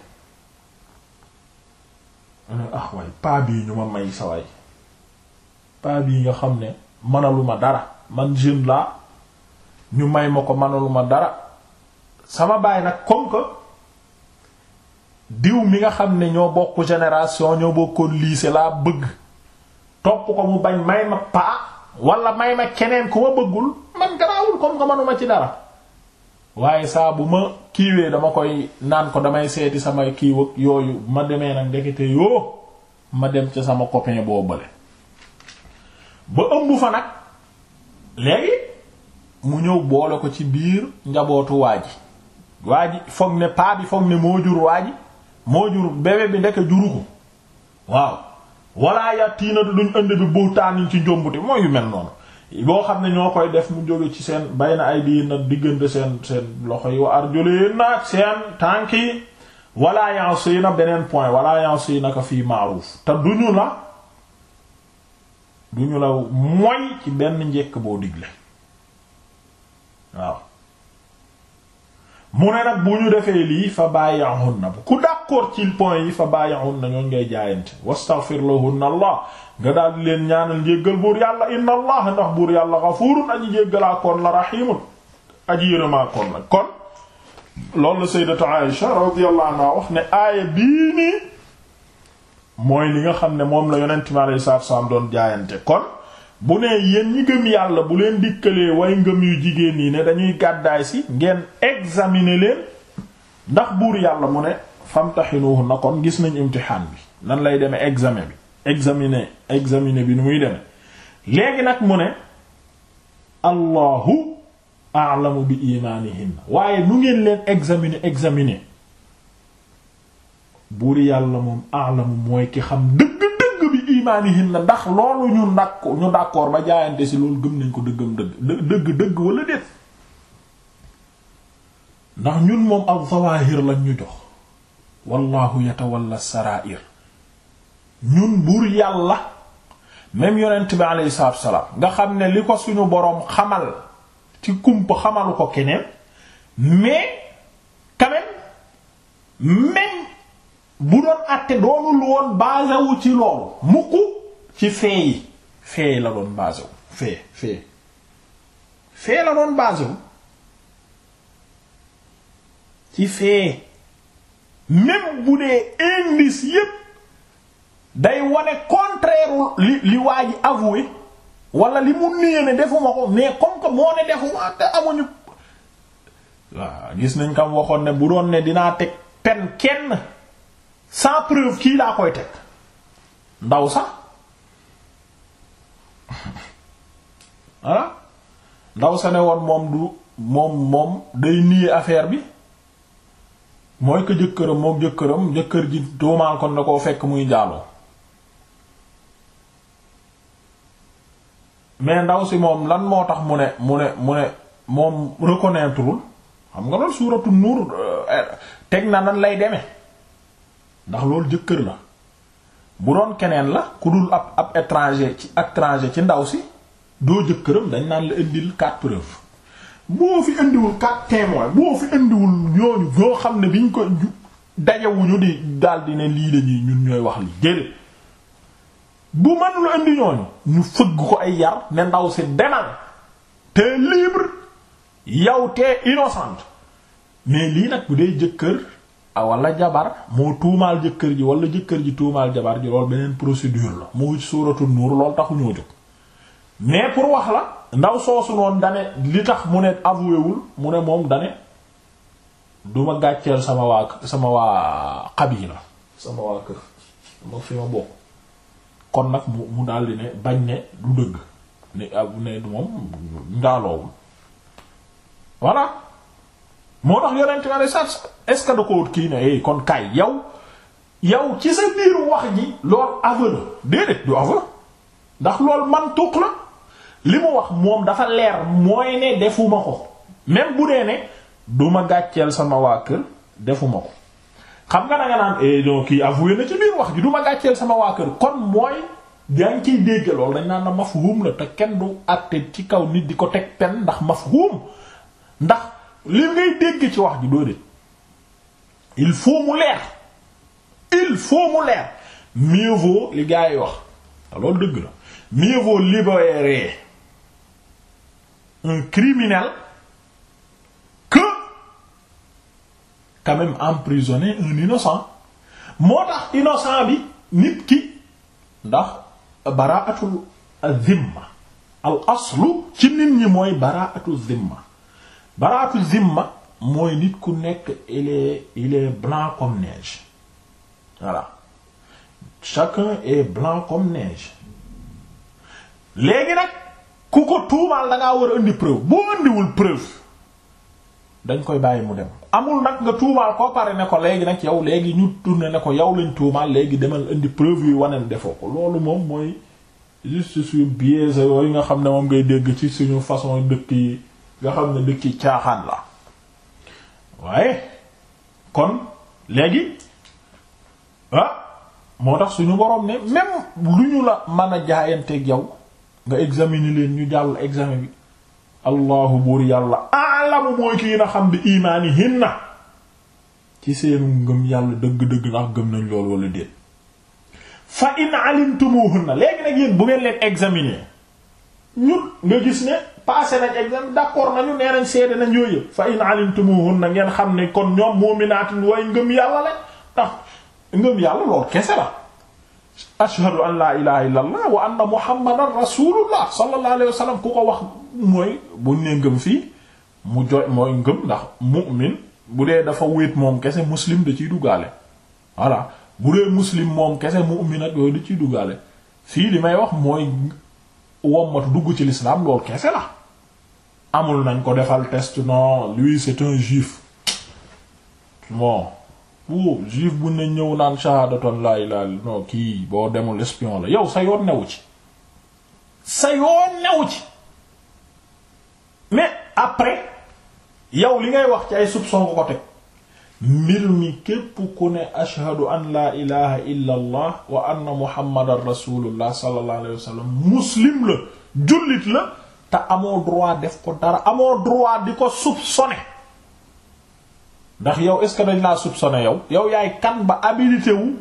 ah waay paa bii ñu ma may sawaay paa bii nga xam ne mënaluma dara man jeune laa ñu may ma ko mënaluma dara sama baay nag comme diw mi nga xam ne ñoo bokk génération ñoo bokkoon lycée laa bëgg topp ko mu bañ may ma paa wala may ma keneen ku ma bëggul man garaawul comme nga manuma ci dara waaye saa bu ma kiiwee dama koy naan ko damay seeti sama kiiwag yooyu ma demee nag ndekete yoo ma dem ca sama copain boo bële ba ëmb fa nag léegi mu ñëw boole ko ci biir njabootu waa ji waa ji foog ne paa bi foog ne moo jur waa ji moo jur bébé bi ndeke juru ko waaw walla yàttiina du duñ indi bi buhtaanin ci njombuti mooy yu mel noonu boo xam ne ñoo koy def mu jóge ci seen bay na ay di na diggante seen seen loxo yi wa arjuleen naag seen tànk yi walla yansi na beneen point walla yansi naka fii maaruuf te duñu la duñu la moy ci benn njekk boo digle waaw mu ne nag bu ñu defee lii fa bàyyahunna bu ku koor ci point yi fa bàyyahunna ñooñ ngay jaayante wastaghfir lahunna allah nga daal di leen ñaanal njéggal buur yàlla inna allah ndax buur yàlla ghafurun aji jéggalaa koon la rahimun aji yërëmaa koon la kon loolu la sayyidatu Aisha radiyallahu anha wax ne aaya bii nii mooy li nga xam ne moom la yonent mi alayhi salaatu wa doon jaayante kon bu ne yéen ñi gëm yàlla bu leen dikkalee way ngëm yu jigéen yi ne dañuy gàddaay si ngeen examiner leen ndax buur yàlla mu ne famtaxinuhu na kon gis nañ imtixaan bi nan lay demee examen bi examiner examiner bi nu muy demee léegi nag mu ne allahu a'lamu bi imaanihin waaye nu ngeen leen examiner examiner buur yàlla moom a'lamu mooy ki xam dëgg iimaanihinna ndax loolu ñu nak ñu d'accord ba jaayante si loolu gëm nañ ko dëggam dëgg dëgg dëgg wala déet ndax ñun moom al zawahir lañ ñu jox wallahu yatawalla sarair ñun buur yàlla même yonent bi alayhi salaatu wassalaam nga xam ne li ko suñu boroom xamal ci kumpa xamalu ko keneen mais quand même bu doon àtte doonul woon basé wu ci loolu mukk ci fee yi fee la doon basé fee fee la doon basé ci fee même bu dee indice yépp day wane contraire li li waa ji avoué wala li mu nee defuma ko mais comme que moo ne defuma te amuñu waaw gis nañ kam waxoon ne bu doon ne dinaa teg pen kenn sans preuve kii laa koy teg ndaw sax ndaw sa ne woon moom du moom moom day nier affaire bi mooy ko jëkkëram moom jëkkëram jëkkër ji tuumaal na koo fekk muy njaaloo mais ndaw si moom lan moo tax mu ne mu ne mu ne moom reconnaîtreul xam nga loolu suuratu nuur euh, teg na nan lay demee ndax loolu jëkkër la bu doon keneen la ku dul ab ab étranger ci ak ci ndaw si doo jëkkëram dañ naan la indil quatre preuves boo fi indiwul quatre témoins boo fi indiwul ñooñu ñoo xam ne biñ ko dajewuñu di daldi ne lii lañuy ñun ñooy wax li jëre bu mënul indi ñooñu ñu fëgg ko ay yar ne ndaw si demal te libre yow te innocente mais lii nag bu dee jëkkër wala jabar moo tuumaal jëkkër ji wala jëkkër ji tuumaal jabar ji loolu beneen procédure la mu suuratul nuur loolu taxu ñoo jóg mais pour wax la ndaw soosu noonu dane li tax mu ne avoué wul mu ne moom dane duma gàcceel sama sama waa xabila sama waa kër nag mu mu daldi ne bañ ne du dëgg moo tax yonent ma ne sax est-ce que da ko wut kii ne eh, kon kaay yow yow ci sa biir wax ji lool aveu la déedéet du aveu ndax lool man tuq la li mu wax moom dafa leer mooy ne defuma ko même bu dee ne du ma gàcceel sama waa kër defuma ko xam nga da nga naan eh donc kii avoué na ci biir wax ji du ma gàcceel sama waa kër kon mooy yaa ngi ciy dégg loolu dañ naan na mafhum la te kenn du àtte ci kaw nit di ko teg pen ndax mafhum ndax. li ngay dégg ci wax ji doo de il faut mu leer il faut mu leer mieux vaut li yi wax te ah, loolu dëgg la mieux vaut libérer un criminel que quand même un innocent moo tax innocent bi nit ki ndax baraatul zimma al aslu ci nit ñi mooy baraatul zimma baraatu mag mooy nit ku nekk il est il est blanc comme neige voilà chacun est blanc comme neige léegi nag ku ko tuumaal da war a indi preuve boo indiwul preuve dañ koy bàyyi mu dem amul nag nga tuumaal koo pare ne ko léegi nag yow léegi ñu turne ne ko yow lañ tuumaal léegi demal indi preuve yu waneen defoo ko loolu moom mooy juste suñu biais yooyu nga xam ne moom ngay dégg ci suñu façon dëkk yi nga xam ne dëkki caaxaan la waaye kon léegi ah moo tax suñu boroom ne même lu ñu la mën a jaayanteeg yow nga examiner leen ñu jàll examen bi allahu buur yàlla alamu mooy kii na xam bi imaani hinna ci seenu ngëm yàlla dëgg-dëgg ndax gëm nañ lool wala déet fa in alimtumuhunna léegi nag yéen bu ngeen leen examiner ñun nga gis ne passé nañ exemple d'accord nañu nee nañ seede nañ yooyu fa in na ngeen xam ne kon ñoom mu'minaatin waaye ngëm yàlla la tax ngëm yàlla lool kese la ashhadu an la ilaha illa allah wa anna muhammadan rasulullah sallallahu alayhi wa sallam ku ko wax mooy buñ ne ngëm fii mu jo mooy ngëm ndax mu'min bu dee dafa wéet moom kese muslim da ciy duggaale voilà bu dee muslim moom kese mu'min ak yooyu di ciy duggaale fii li may wax mooy wommatu dugg ci l'islam loolu kese la amul nañ ko defal test non lui c'est un juif bon o juif bu ne ñëw naan shahadatan la ilaha illa kii boo demul espion la yow sa yoon newu ci sa yoon newu ci mais après yow li ngay wax ci ay soupçon ko ko teg mbir mi képp ku ne ashhadu an laa ilaha illa allah wa anna muhammadan rasulullah sallallahu alayhi wa sallam muslim la jullit la te amoo droit def ko dara amoo droit di ko soupçonner ndax yow est-ce que dañ laa soupçonner yow yow yaay kan ba habilité wu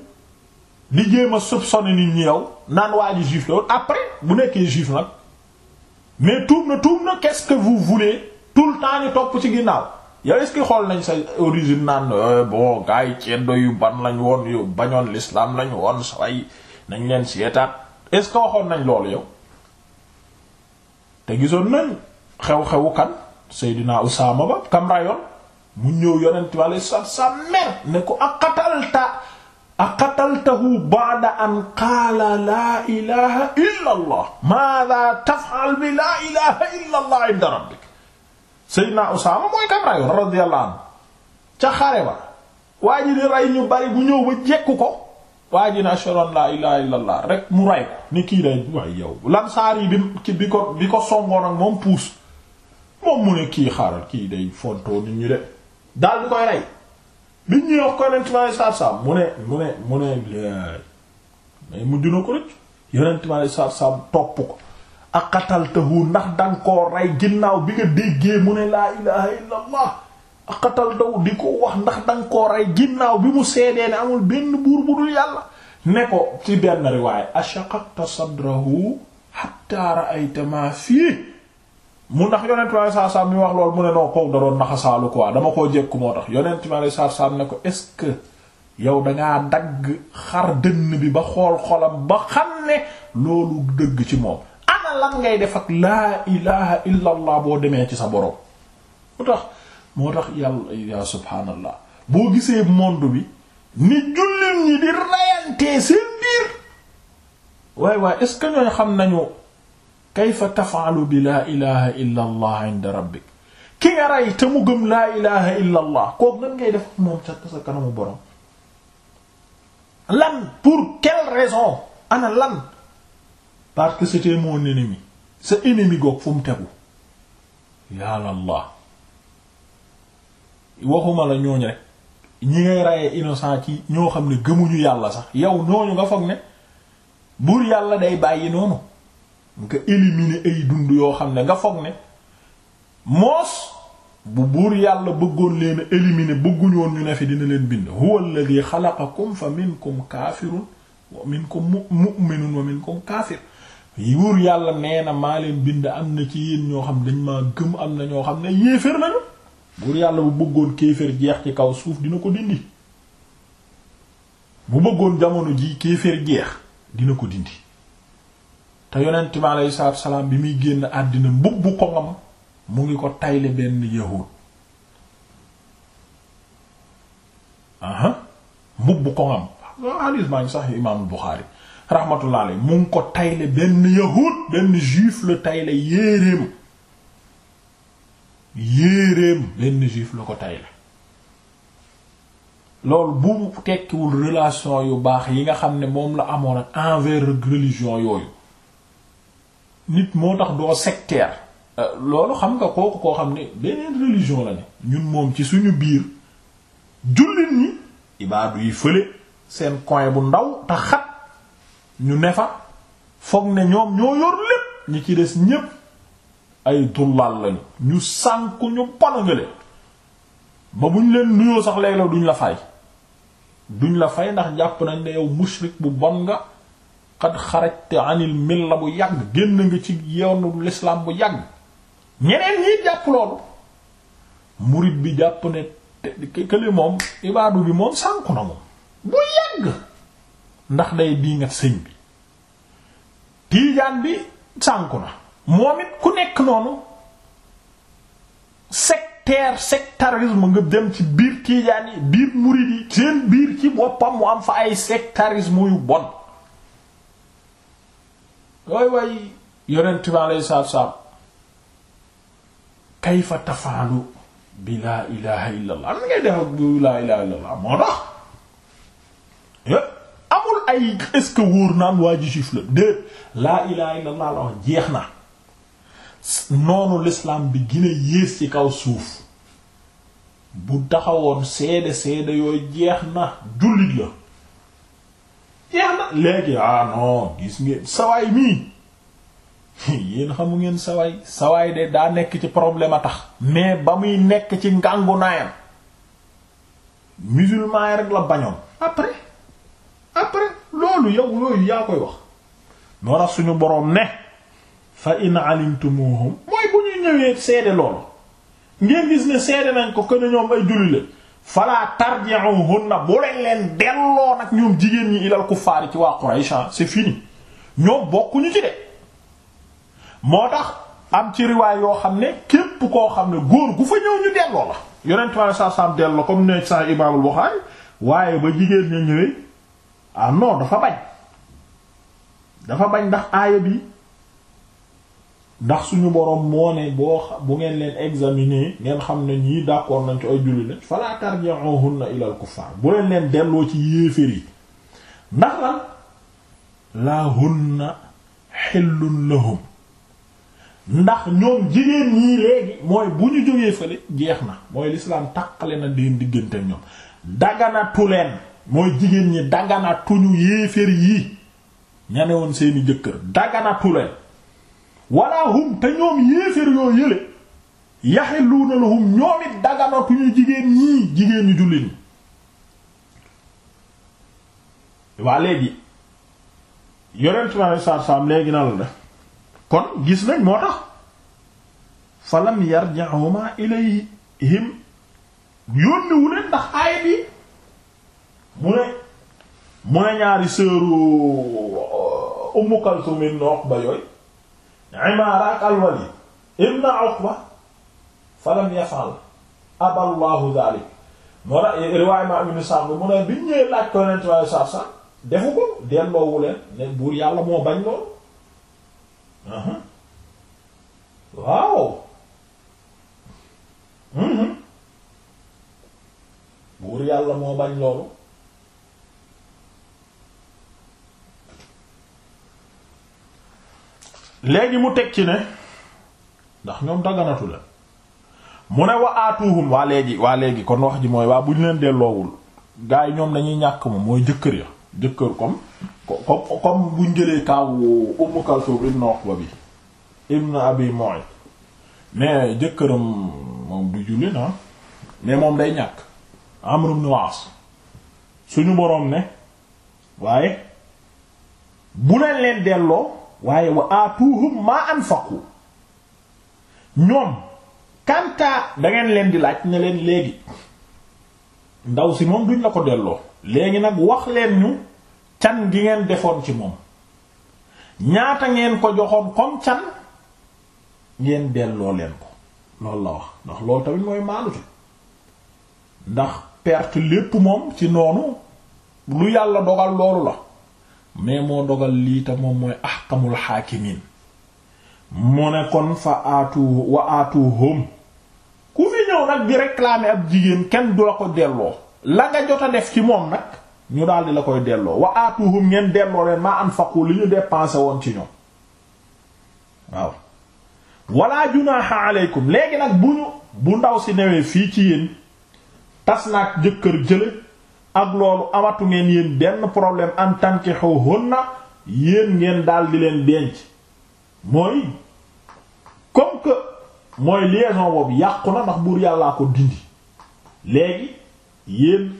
di jéem a soupçonner nit ñi yow naan waa ji juif la woon après bu nekkee juif nag mais tuub na tuub na qu'est-ce que vous voulez tout le temps ñu topp ci ginnaaw yow est-ce xool nañ sa origine naan euh, bon gars yi ceddo yu ban lañ woon yu bañoon l'islam lañ woon say nañ leen seetaat est-ce que waxoon nañ loolu yow te gisoon nañ xew-xewu kan Seydina Usaama ba kam rayoon ñëw yonent sa sa mer ne ko aqatalta aqataltahu ba'da an qaala laa ilaha illa allah maada bi laa ilaha illa allah inda rabbik Seydina Usaama mooy kam rayoon radiyallahu anhu ca xare ba waa ji di rey ñu bari bu ñëw ba jekku ko waa ji na ashhaduan laa ilaha illallah rek mu ray ko ni kii day waay yow lansaar yi bi ko bi ko songoon ak moom puus moom mu ne kii xaaral kii day fontoo nit ñu de daal di koy rey bi ñuy wax ko yonent bi alei satu salaam mu ne mu ne mu ne mais mujj na ko rëcc yonent bi alei satu salaam topp ko aqataltahu ndax danga koo rey ginnaaw bi nga déggee mu ne laa ilaha illa allah aqataltahu di ko wax ndax danga koo rey ginnaaw bi mu seedee ne amul benn buur bu dul yàlla ne ko ci benn riwaaya ashaqaqta sadrahu hatta ra'ayta ma fii mu ndax yonent ma saa saam mi wax loolu mu ne noo kow da doon naxasaalu quoi dama koo jekku moo tax yonent ma saa saam ne ko est-ce que yow dangaa dagg xar dënn bi ba xool xolam ba xam ne loolu dëgg ci moom ana lan ngay def ak boo demee ci sa borom moo tax moo tax yàlla ya subhaanallah boo gisee monde bi ni jullit ñi di rayantee seen biir waay waay est ce que xam nañu kayfa tafaalu bi laa ilaha illa allah nga rey te moom sa sa kanamu borom lan pour quelle raison ana lan parce que c'était mon ennemi sa ennemi goog fu mu tegu yàlla la waxuma la ñooñ rek ñi ngay rayee innocent ci ñoo xam ne gëmuñu yàlla sax yow ñooñu nga foog ne buur yàlla day bàyyi noonu nga éliminer ay dund yoo xam ne nga foog ne moos bu buur yàlla bëggoon leen a éliminer bëgguñ woon ñu ne fi dina leen bind huwa alladhi xalaqakum fa minkum kaafirun wa minkum mu'minun wa minkum kaafir wuur yàlla nee na maa leen bind am na ci yéen ñoo xam dañ maa gëm am na ñoo xam ne yéeféer nañu buur yàlla bu bëggoon kéeféer jeex ci kaw suuf dina ko dindi bu bëggoon jamono ji kéeféer jeex dina ko dindi te yonent bi aleyhi salaatu salaam bi muy génn àddina mbubbu ko mu ngi ko tayle benn yahuud aha mbubbu ko ngam hadiis maa ngi sax imaamu Buxaari rahmatullah alayhi ko tayle benn yahud benn juif la tayle yéeréem yéeréem benn juif la ko tayle loolu bu tekkiwul relation yu baax yi nga xam ne moom la amoon ak envers religion yooyu nit moo tax doo sectaire euh, loolu xam nga kooku koo xam ne beneen religion la ne ñun moom ci suñu biir jullit ñi ibaadu yi fële seen coin bu ndaw te xat ñu ne fa foog ne ñoom ñoo yor lépp ñi ci des ñépp ay dullal lañu ñu sànku ñu banangale ba buñ leen nuyoo sax léeg-léeg duñ la fay duñ la fay ndax jàpp nañ ne yow mushrik bu bon nga xat xarajte anil milla bu yàgg génn nga ci yoonu l'islam bu yàgg ñeneen ñi jàpp loolu murid bi jàpp ne kële moom ibaadu bi moom sànku na moom bu yàgg ndax day diingat sëñ bi tiijaan bi sànku na moom it ku nekk noonu sectaire sectarisme nga dem ci biir tiijaan yi biir murid yi seen biir ci boppam mu am fa ay sectarisme yu bon waay waay yonent bi alayhi salaatu salaam kayfa tafaalu bi laa ilaha illa laa moo tax ay est-ce que wóor naan waa ji juif la déet laa ilaha illallah la wax jeex na noonu l'islam bi gën a yées ci kaw suuf bu taxawoon seede seede yooyu jeex na jullit la léegi ah non gis ngeen sawaay mii yéen xamu ngeen sawaay sawaay de daa nekk ci problème a tax mais ba muy nekk ci ngàngu naayam rek la bañoon loolu yow yooyu yaa koy wax moo suñu boroom ne fa in alimtumuhum mooy bu ñuy ñëwee seede loolu ngeen gis ne seede nañ ko kën a ñoom ay julli la fala tarji'uhunna bu leen leen delloo nag ñoom jigéen ñi ilal kuffaari ci waa Quraysh c'est fini ñoom bokkuñu ci de moo tax am ci riwaay yoo xam ne képp koo xam ne góor gu fa ñëw ñu delloo la yonent ma saa saam delloo comme ne sa Imaamul Buxaari waaye ba jigéen ña ñëwee ah non dafa bañ dafa bañ ndax aaya bi ndax suñu boroom moo ne boo bu ngeen leen examiner ngeen xam ne ñii d'accord nañ ci ay julli lañ fala tarji'uhunna ilal kuffar bu leen leen delloo ci yéefér yi ndax lan laa hunna xillun lahum ndax ñoom jigéen ñii léegi mooy bu ñu jógee fële jeex na mooy l'islam taqale na leen diggante ñoom dagana leen mooy jigéen ñi daganatuñu yéefér yi ñane woon seeni jëkkër daganatu leen wala hum te ñoom yéefér yoo yële yaxilluuna lahum ñoom it daganatuñu jigéen ñii jigéen ñu jullit ñi waa léegi yonent mi alei satu salaam léegi na la def kon gis nañ moo tax falam yarja'uma ilayhim yónniwu leen ndax aaya bi mu ne mu ne ñaari sëru euh, Ummu Kalsum ibn Uqba yooyu Imaara ak al-Walid ibn Uqba falam yafal aballahu moo tax riwaay ma am sàmm mu ne biñ ñëwee laaj ko leen waaye saaf defu ko delloowu leen ne buur yàlla moo bañ loolu uh-huh. waaw uh-huh. buur yàlla moo bañ loolu léegi mu teg ci ne ndax ñoom daganatu la mu ne wa aatuhum waa léegi waa léegi kon wax ji mooy waa bu ñu leen delloowul gars yi ñoom dañuy ñàkk moom mooy jëkkër ya jëkkër comme comme comme buñ jëlee kaawu bi Kalsum ibn Uqba bi ibn Abi Mu'ayt mais jëkkëram moom du julli na mais moom day ñàkk Amr ibn As suñu boroom ne waaye bu leen leen delloo waaye wa aatuhum maa anfaqu ñoom kantaa da leen di laaj ne leen léegi ndaw si moom duñ la ko delloo léegi nag wax leen ñu can gi ngeen defoon ci moom ñaata ngeen ko joxoon comme can ngeen delloo leen ko loolu la wax ndax loolu tamit mooy maalute ndax perte lépp moom ci noonu lu yàlla dogal loolu la mais moo dogal lii te moom mooy ahkamul xaakimiin moo ne kon fa atu wa aatu hum ku fi ñëw nag di réclamer ab jigéen kenn du la ko delloo la nga jot a def ci moom nag ñu daal la koy delloo wa aatu hum ngeen delloo leen maa anfaqu li ñu dépensé woon ci ñoom waaw wala junaaha aleykum léegi nag bu ñu bu ndaw si newee fii ci yéen tas naag jëkkër jële ak loolu amatu ngeen yéen benn problème an na yéen ngeen daal di leen denc mooy comme que mooy liaison boobu yàqu na ndax buur yàllaa ko dindi léegi yéen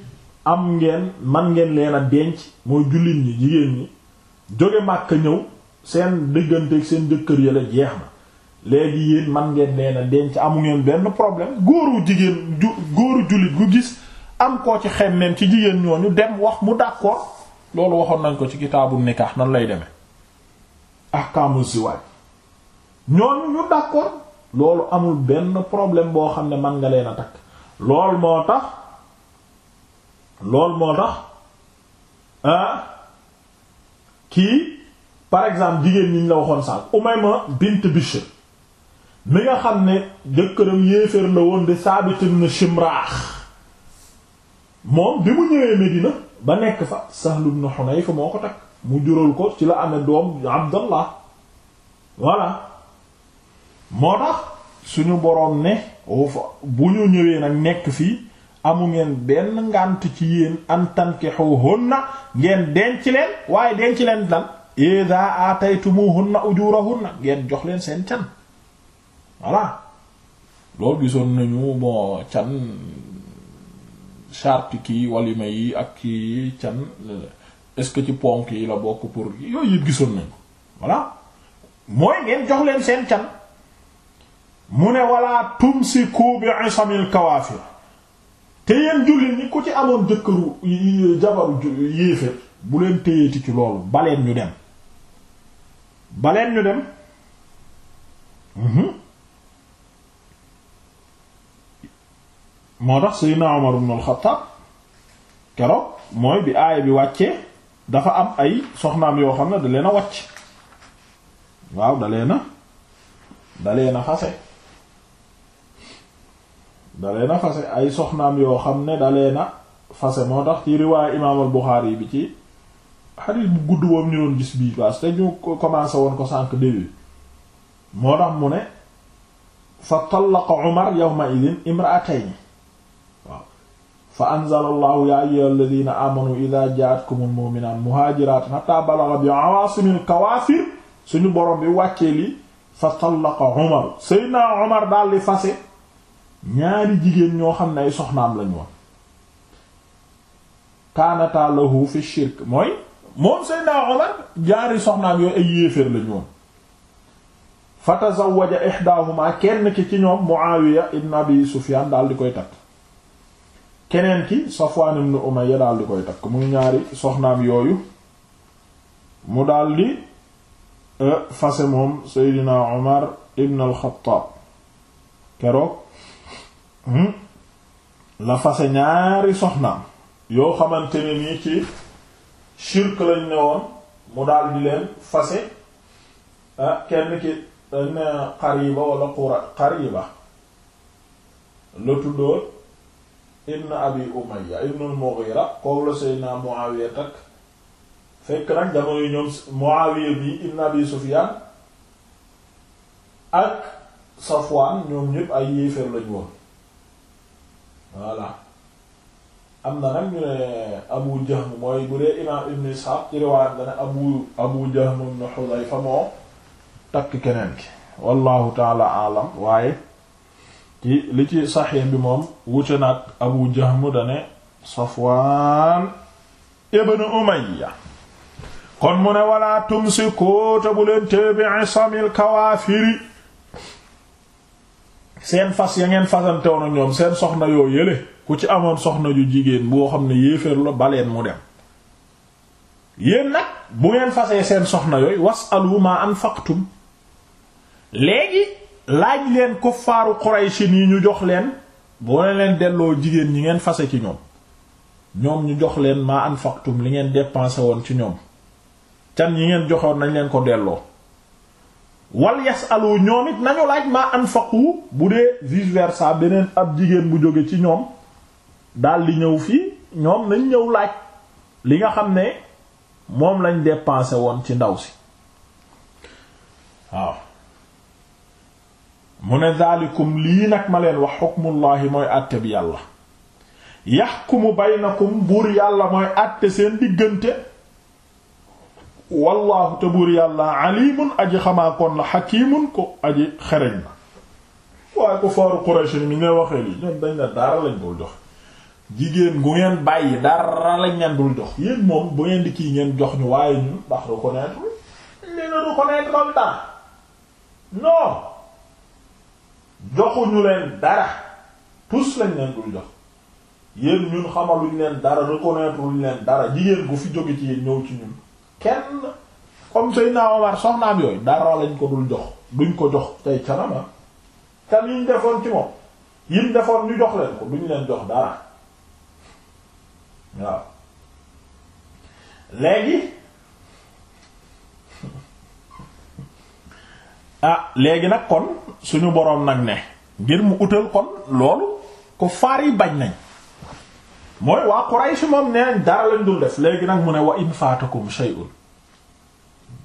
am ngeen man ngeen leen a denc mooy jullit ñi jigéen ñi jóge Màkka ñëw seen digganteeg seen jëkkër ya la jeex na léegi yéen man ngeen leen a denc amu ngeen benn problème góoru jigéen góoru jullit gu gis am koo ci xemmeem ci jigéen ñooñu dem wax mu d'accord loolu waxoon nañ ko ci kitaabu nikah nan lay demee ahkaamu ziwaaj ñooñu ñu d'accord loolu amul benn problème boo xam ne man nga leen a takk loolu moo tax loolu moo tax ah kii par exemple jigéen ñi ñu la waxoon sànq Umayma bint Bishr mi nga xam ne jëkkëram yéeféer la woon de Saabit ibn moom bi mu ñëwee Medina ba nekk fa Sahl ibn Hunayf moo ko takk mu jural ko ci la amee doom Abdallah voilà moo tax suñu boroom ne bu ñu ñëwee nag nekk fii amu ngeen benn ngànt ci yéen an tankihuhunna ngeen denc leen waaye denc leen lan idha ataytumuhunna ujurahunna ngeen jox leen seen can voilà loolu gisoon nañu bon can charte kii walima yi ak kii can est-ce que ci ponk yi la bokk pour yooyu yëpp gisoon nañ ko voilà mooy ngeen jox leen seen can mu ne wala tumsiku bi isamil kawaafir te yéen jullit ñi ko ci amoon jëkkëru jabaru yéefér bu leen téyeeti ci loolu baleen ñu dem baleen ñu dem mhm. moo tax si Umar ibn al-Khattab keroog mooy bi aaya bi wàccee dafa am ay soxnaam yoo xam ne da leen a wàcc waaw da leen a da leen a fase da leen a fase ay soxnaam yoo xam ne da leen fase moo tax ci riwaaya imaam al bi ci xadiis bu gudd woom ñu doon gis bii parce ñu commencé woon ko sànq début moo tax mu ne fa tallaqa Umar yawma idin imra'atayn waaw fa anzala allahu ya ayyuhal ladina amanu idha ja'atkumul mu'minat muhajiratin hatta balagha bi awasimil kawafir suñu borom bi wàccee li fa tallaqa Umar Seydina Umar daal di fase ñaari jigéen ñoo xam ne ay soxnaam lañu woon kaanata lahu fi shirk mooy moom Seydina Umar jaari soxnaam yooyu ay yéeféer lañu woon fa tazawwaja ihdaahuma kenn ki ci ñoom Muawiya ibn Abi Sufyaan daal di koy takk keneen ki Safwan ibn Umayya daal di koy takk muy ñaari soxnaam yooyu mu daal di e, fase moom Seydina Omar ibn al keroog hmm, la fase ñaari soxnaam yoo xamante ne nii ci shirk lañ ne woon mu daal di leen fase e, kenn ki dañ ne Qariba wala Qura Qariba la tuddoon ibn abi umayya ibn al-mughira kooku la seydina muawiya takk fekk nag jamono ñoom muawiya bi ibn abi sufyan ak safwan ñoom ñépp ay yéeféer lañu woon voilà am na nag ñu ne abu jahm mooy bu dee ibn ishaq ci riwaayam dana abu abu jahm ibn hudayfa moo takk keneen ki wallahu taala alam waaye ci li ci saxiix bi moom wute na ak abu jahm dane safwaan ibn umayya kon mu ne walaa tumsiku te bu leen teebi isamil kawaafiri seen fas ya ngeen fasante woon ñoom seen soxna yoo yële ku ci amoon soxna yu jigéen boo xam ne yéeféer ba baleen mu dem yéen nag bu ngeen fasee seen soxna yooyu wasalu ma anfaqtum léegi laaj leen kuffaaru Quraysh yi ñu jox leen boo leen delloo jigéen ñi ngeen fase ci ñoom ñoom ñu jox leen maa anfaqtum li ngeen dépensé woon ci ñoom can yi ngeen joxoon nañ leen ko delloo wal yasalu ñoom it nañu laaj maa anfaqu bu dee vice versa beneen ab jigéen bu jóge ci ñoom daal ñëw fii ñoom nañ ñëw laaj li nga xam ne moom lañ dépensé woon ci ndaw si waaw mu ne daalikum lii nag ma leen wax xukmullaahi mooy àtte bi yàlla yaxkumu baynakum buur yàlla mooy àtte seen diggante wallaahu te buur yàlla alimun aji xamaakoon la xakimun ko aji xereñ na waaye ko faaru Quraysh mi ngay waxee lii ñoom dañ na dara lañ dul jox jigéen gu ngeen bàyyi dara lañ leen dul jox yéen moom bu ngeen di kii ngeen jox ñu waaye ñu ndax reconnaître li na reconnaître dara joxuñu leen dara tous lañ leen dul jox yéen ñun xamaluñ leen dara reconnaître luñ leen dara jigéen bu fi jóge ci yéen ñëw ci ñun kenn comme Seydina Omar soxnaam yooyu dara lañ ko dul jox duñ ko jox tey canama te liñ defoon ci moom yiñ defoon ñu jox leen ko ñu leen jox dara waaw léegi Ah, léegi nag kon suñu boroom nag ne ngir mu utal kon loolu ko faar yi bañ nañ mooy waa Quraysh moom nee nañ dara lañ léegi nag mu ne wa in faatakum shay'un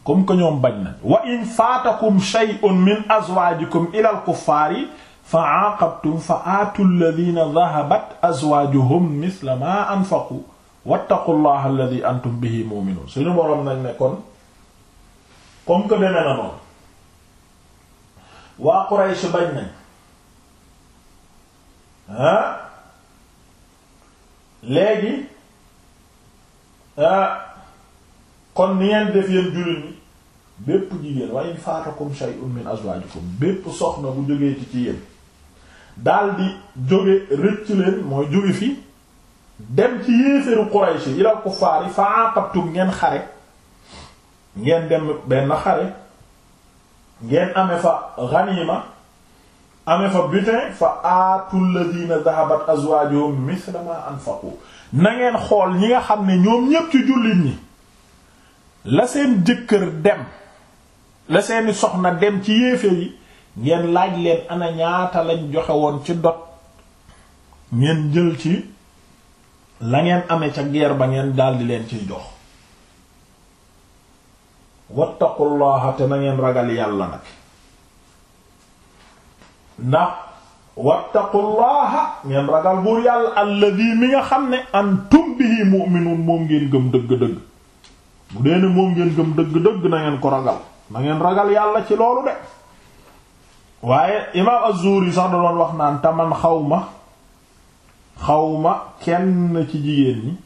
comme que ñoom bañ nañ wa in faatakum shay'un min azwajikum ila al kuffari fa aaqabtum fa aatu alladhina dhahabat azwajuhum antum bihi mu'minun suñu boroom nag ne kon comme que deme na noonu waa Quraysh bañ nañ ah léegi ah kon ni ngeen def yéen jullit ñi bépp jigéen wa in faatakum shay'un min azwajikum bépp soxna bu jógee ci ci yéen daldi jóge rëcc leen mooy jóge fi dem ci yéeféeru Quraysh ila kuffaar yi fa aqabtum ngeen xare ngeen dem benn xare ngeen amee fa ganiima amee fa butin fa aatul ladina dhahabat azwajuhum mithla ma anfaqu na ngeen xool ñi nga xam ne ñoom ñépp ci jullit ñi la seen jëkkër dem la seeni soxna dem ci yéefe yi ngeen laaj leen ana ñaata lañ joxe woon ci dot ngeen jël ci la ngeen amee ca guerre ba ngeen daldi leen ciy jox wattaqullaha te na ngeen ragal yàlla nag ndax wattaqullaha ngeen ragal buur yàlla alladhi mi nga xam ne antum bihi mu'minun moom ngeen gëm dëgg-dëgg bu dee ne moom ngeen gëm dëgg-dëgg na ko ragal na ragal yàlla ci loolu de waaye imaam az-Zuhri sax da doon wax naan taman xaw ma xaw ma kenn ci jigéen ñi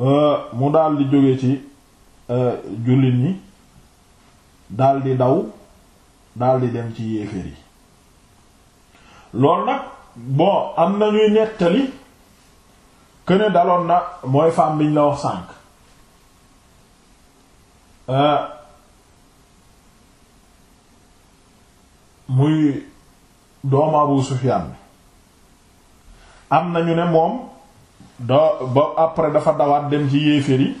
euh, mu dal di jóge ci Euh, jullit ñi daldi daw daldi dem ci yéeféer yi loolu nag bon am na ñuy nettali këne daloon na mooy femme biñ la wax sànk euh, muy doomu Abu Sufyaan am na ñu ne moom da ba après dafa dawaat dem ci yéeféer yi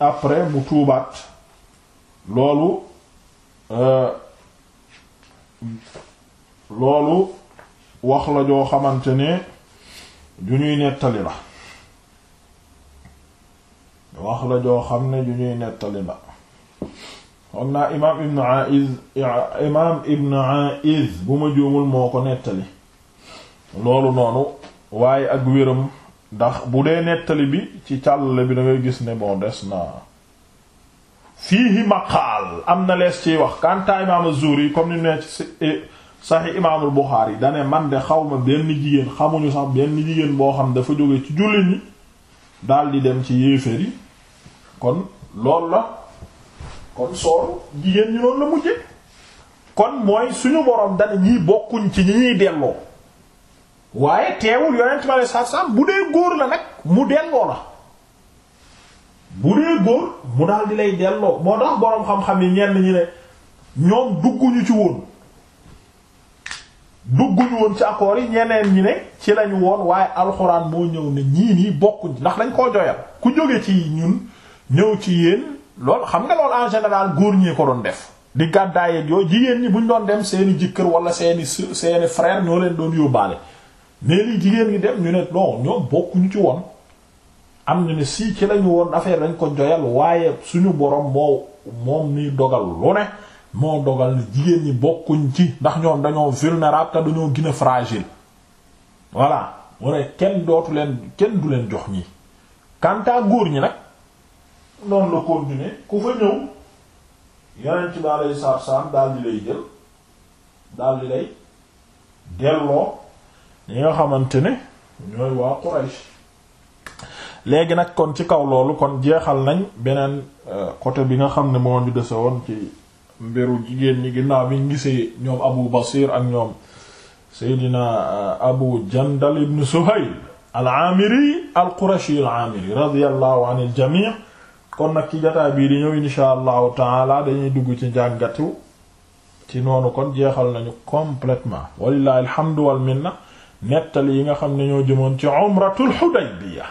après bu tuubaat loolu euh, loolu wax la joo xamante ne ju ñuy nettali la wax la joo xam ne ju ñuy nettali la xam naa imaam ibn Aiz imaam ibn Aiz bu ma juumul moo ko nettali loolu noonu waaye ak wéram ndax bu dee nettali bi ci càll bi da gis ne bon des na fiihi maqaal am na lees ciy wax kantaa imaam az-Zuhri comme ni ne ci eh, Sahih imaamul Buxaari dane man de xaw ma benn jigéen xamuñu sax benn jigéen boo xam dafa jóge ci jullit ñi daal di dem ci yéeféer yi kon loolu la kon sooru jigéen ñi noonu la mujje kon mooy suñu boroom dane ñiy bokkuñ ci ñi ñuy delloo waaye teewul yonent ma ne sarsam bu dee góor la nag mu delloo la bu dee góor mu daal di lay delloo moo tax boroom xam-xam ni ñenn ñi ne ñoom dugguñu ci woon dugguñu woon ci accords yi ñeneen ñi ne ci lañu woon waaye alxuraan moo ñëw ne ñii nii bokkuñ ndax dañ koo joyal ku jóge ci ñun ñëw ci yéen lool xam nga lool en général góor ñi ko doon def di gàddaay ak yooyu jigéen ñi buñ doon dem seeni jëkkër wala seeni seeni frère ñoo leen doon yóbbaale mais lii jigéen ñi dem ñu ne non ñoom bokkuñu ci woon am ñu ne sii ci lañu woon affaire dañ ko joyal waaye suñu borom moo moom ni dogal lu ne moo dogal ne jigéen ñi bokkuñ ci ndax ñoom dañoo vulnérable te dañoo gën a fragile voilà mu ne kenn dootu leen kenn du leen jox ñi kanta góor ñi nag noonu la continuer ku fa ñëw yeneen ci daal lay saar saam daal di lay jël daal di lay delloo ñi nga xamante ne ñooy waa Quraysh léegi nag kon ci kaw loolu kon jeexal nañ beneen euh, côté bi nga xam ne moo ñu dese ci mbiru jigéen ñi ginnaaw bi ñu gisee ñoom Abu Basir ak ñoom Seydina euh, Abu Jandal ibn Suhayl al-Amiri al-Qurashi al-Amiri radiyallahu anil jami' kon nag ci jotaay bii di ñëw insha allahu taala dañuy dugg ci njàngatu ci noonu kon jeexal nañu complètement walillahi alhamdu wal minna nettali yi nga xam ne ñoo jëmoon ci umratul Hudaybiya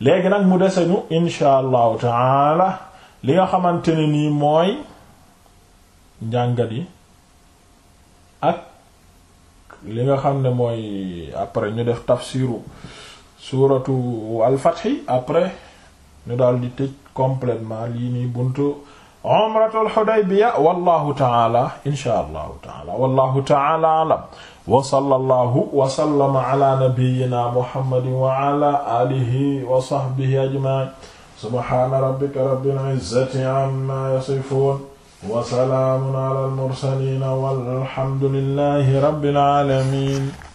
léegi nag mu dese ñu insha allahu taala li nga xamante ne nii mooy njàngat yi ak li nga xam ne mooy après ñu def tafsiru suratu al-Fath après ñu daal di tëj completement lii nii buntu umratul Hudaybiya wallahu taala insha allahu taala wallahu taala alam wa sallallahu wa sallama ala nabiyyina muhammadin wa ala alihi wa sahbihi ajma'in subhana rabbika rabbil izzati amma yasifun wa salamun ala al mursalin walhamdulillahi rabbil alamin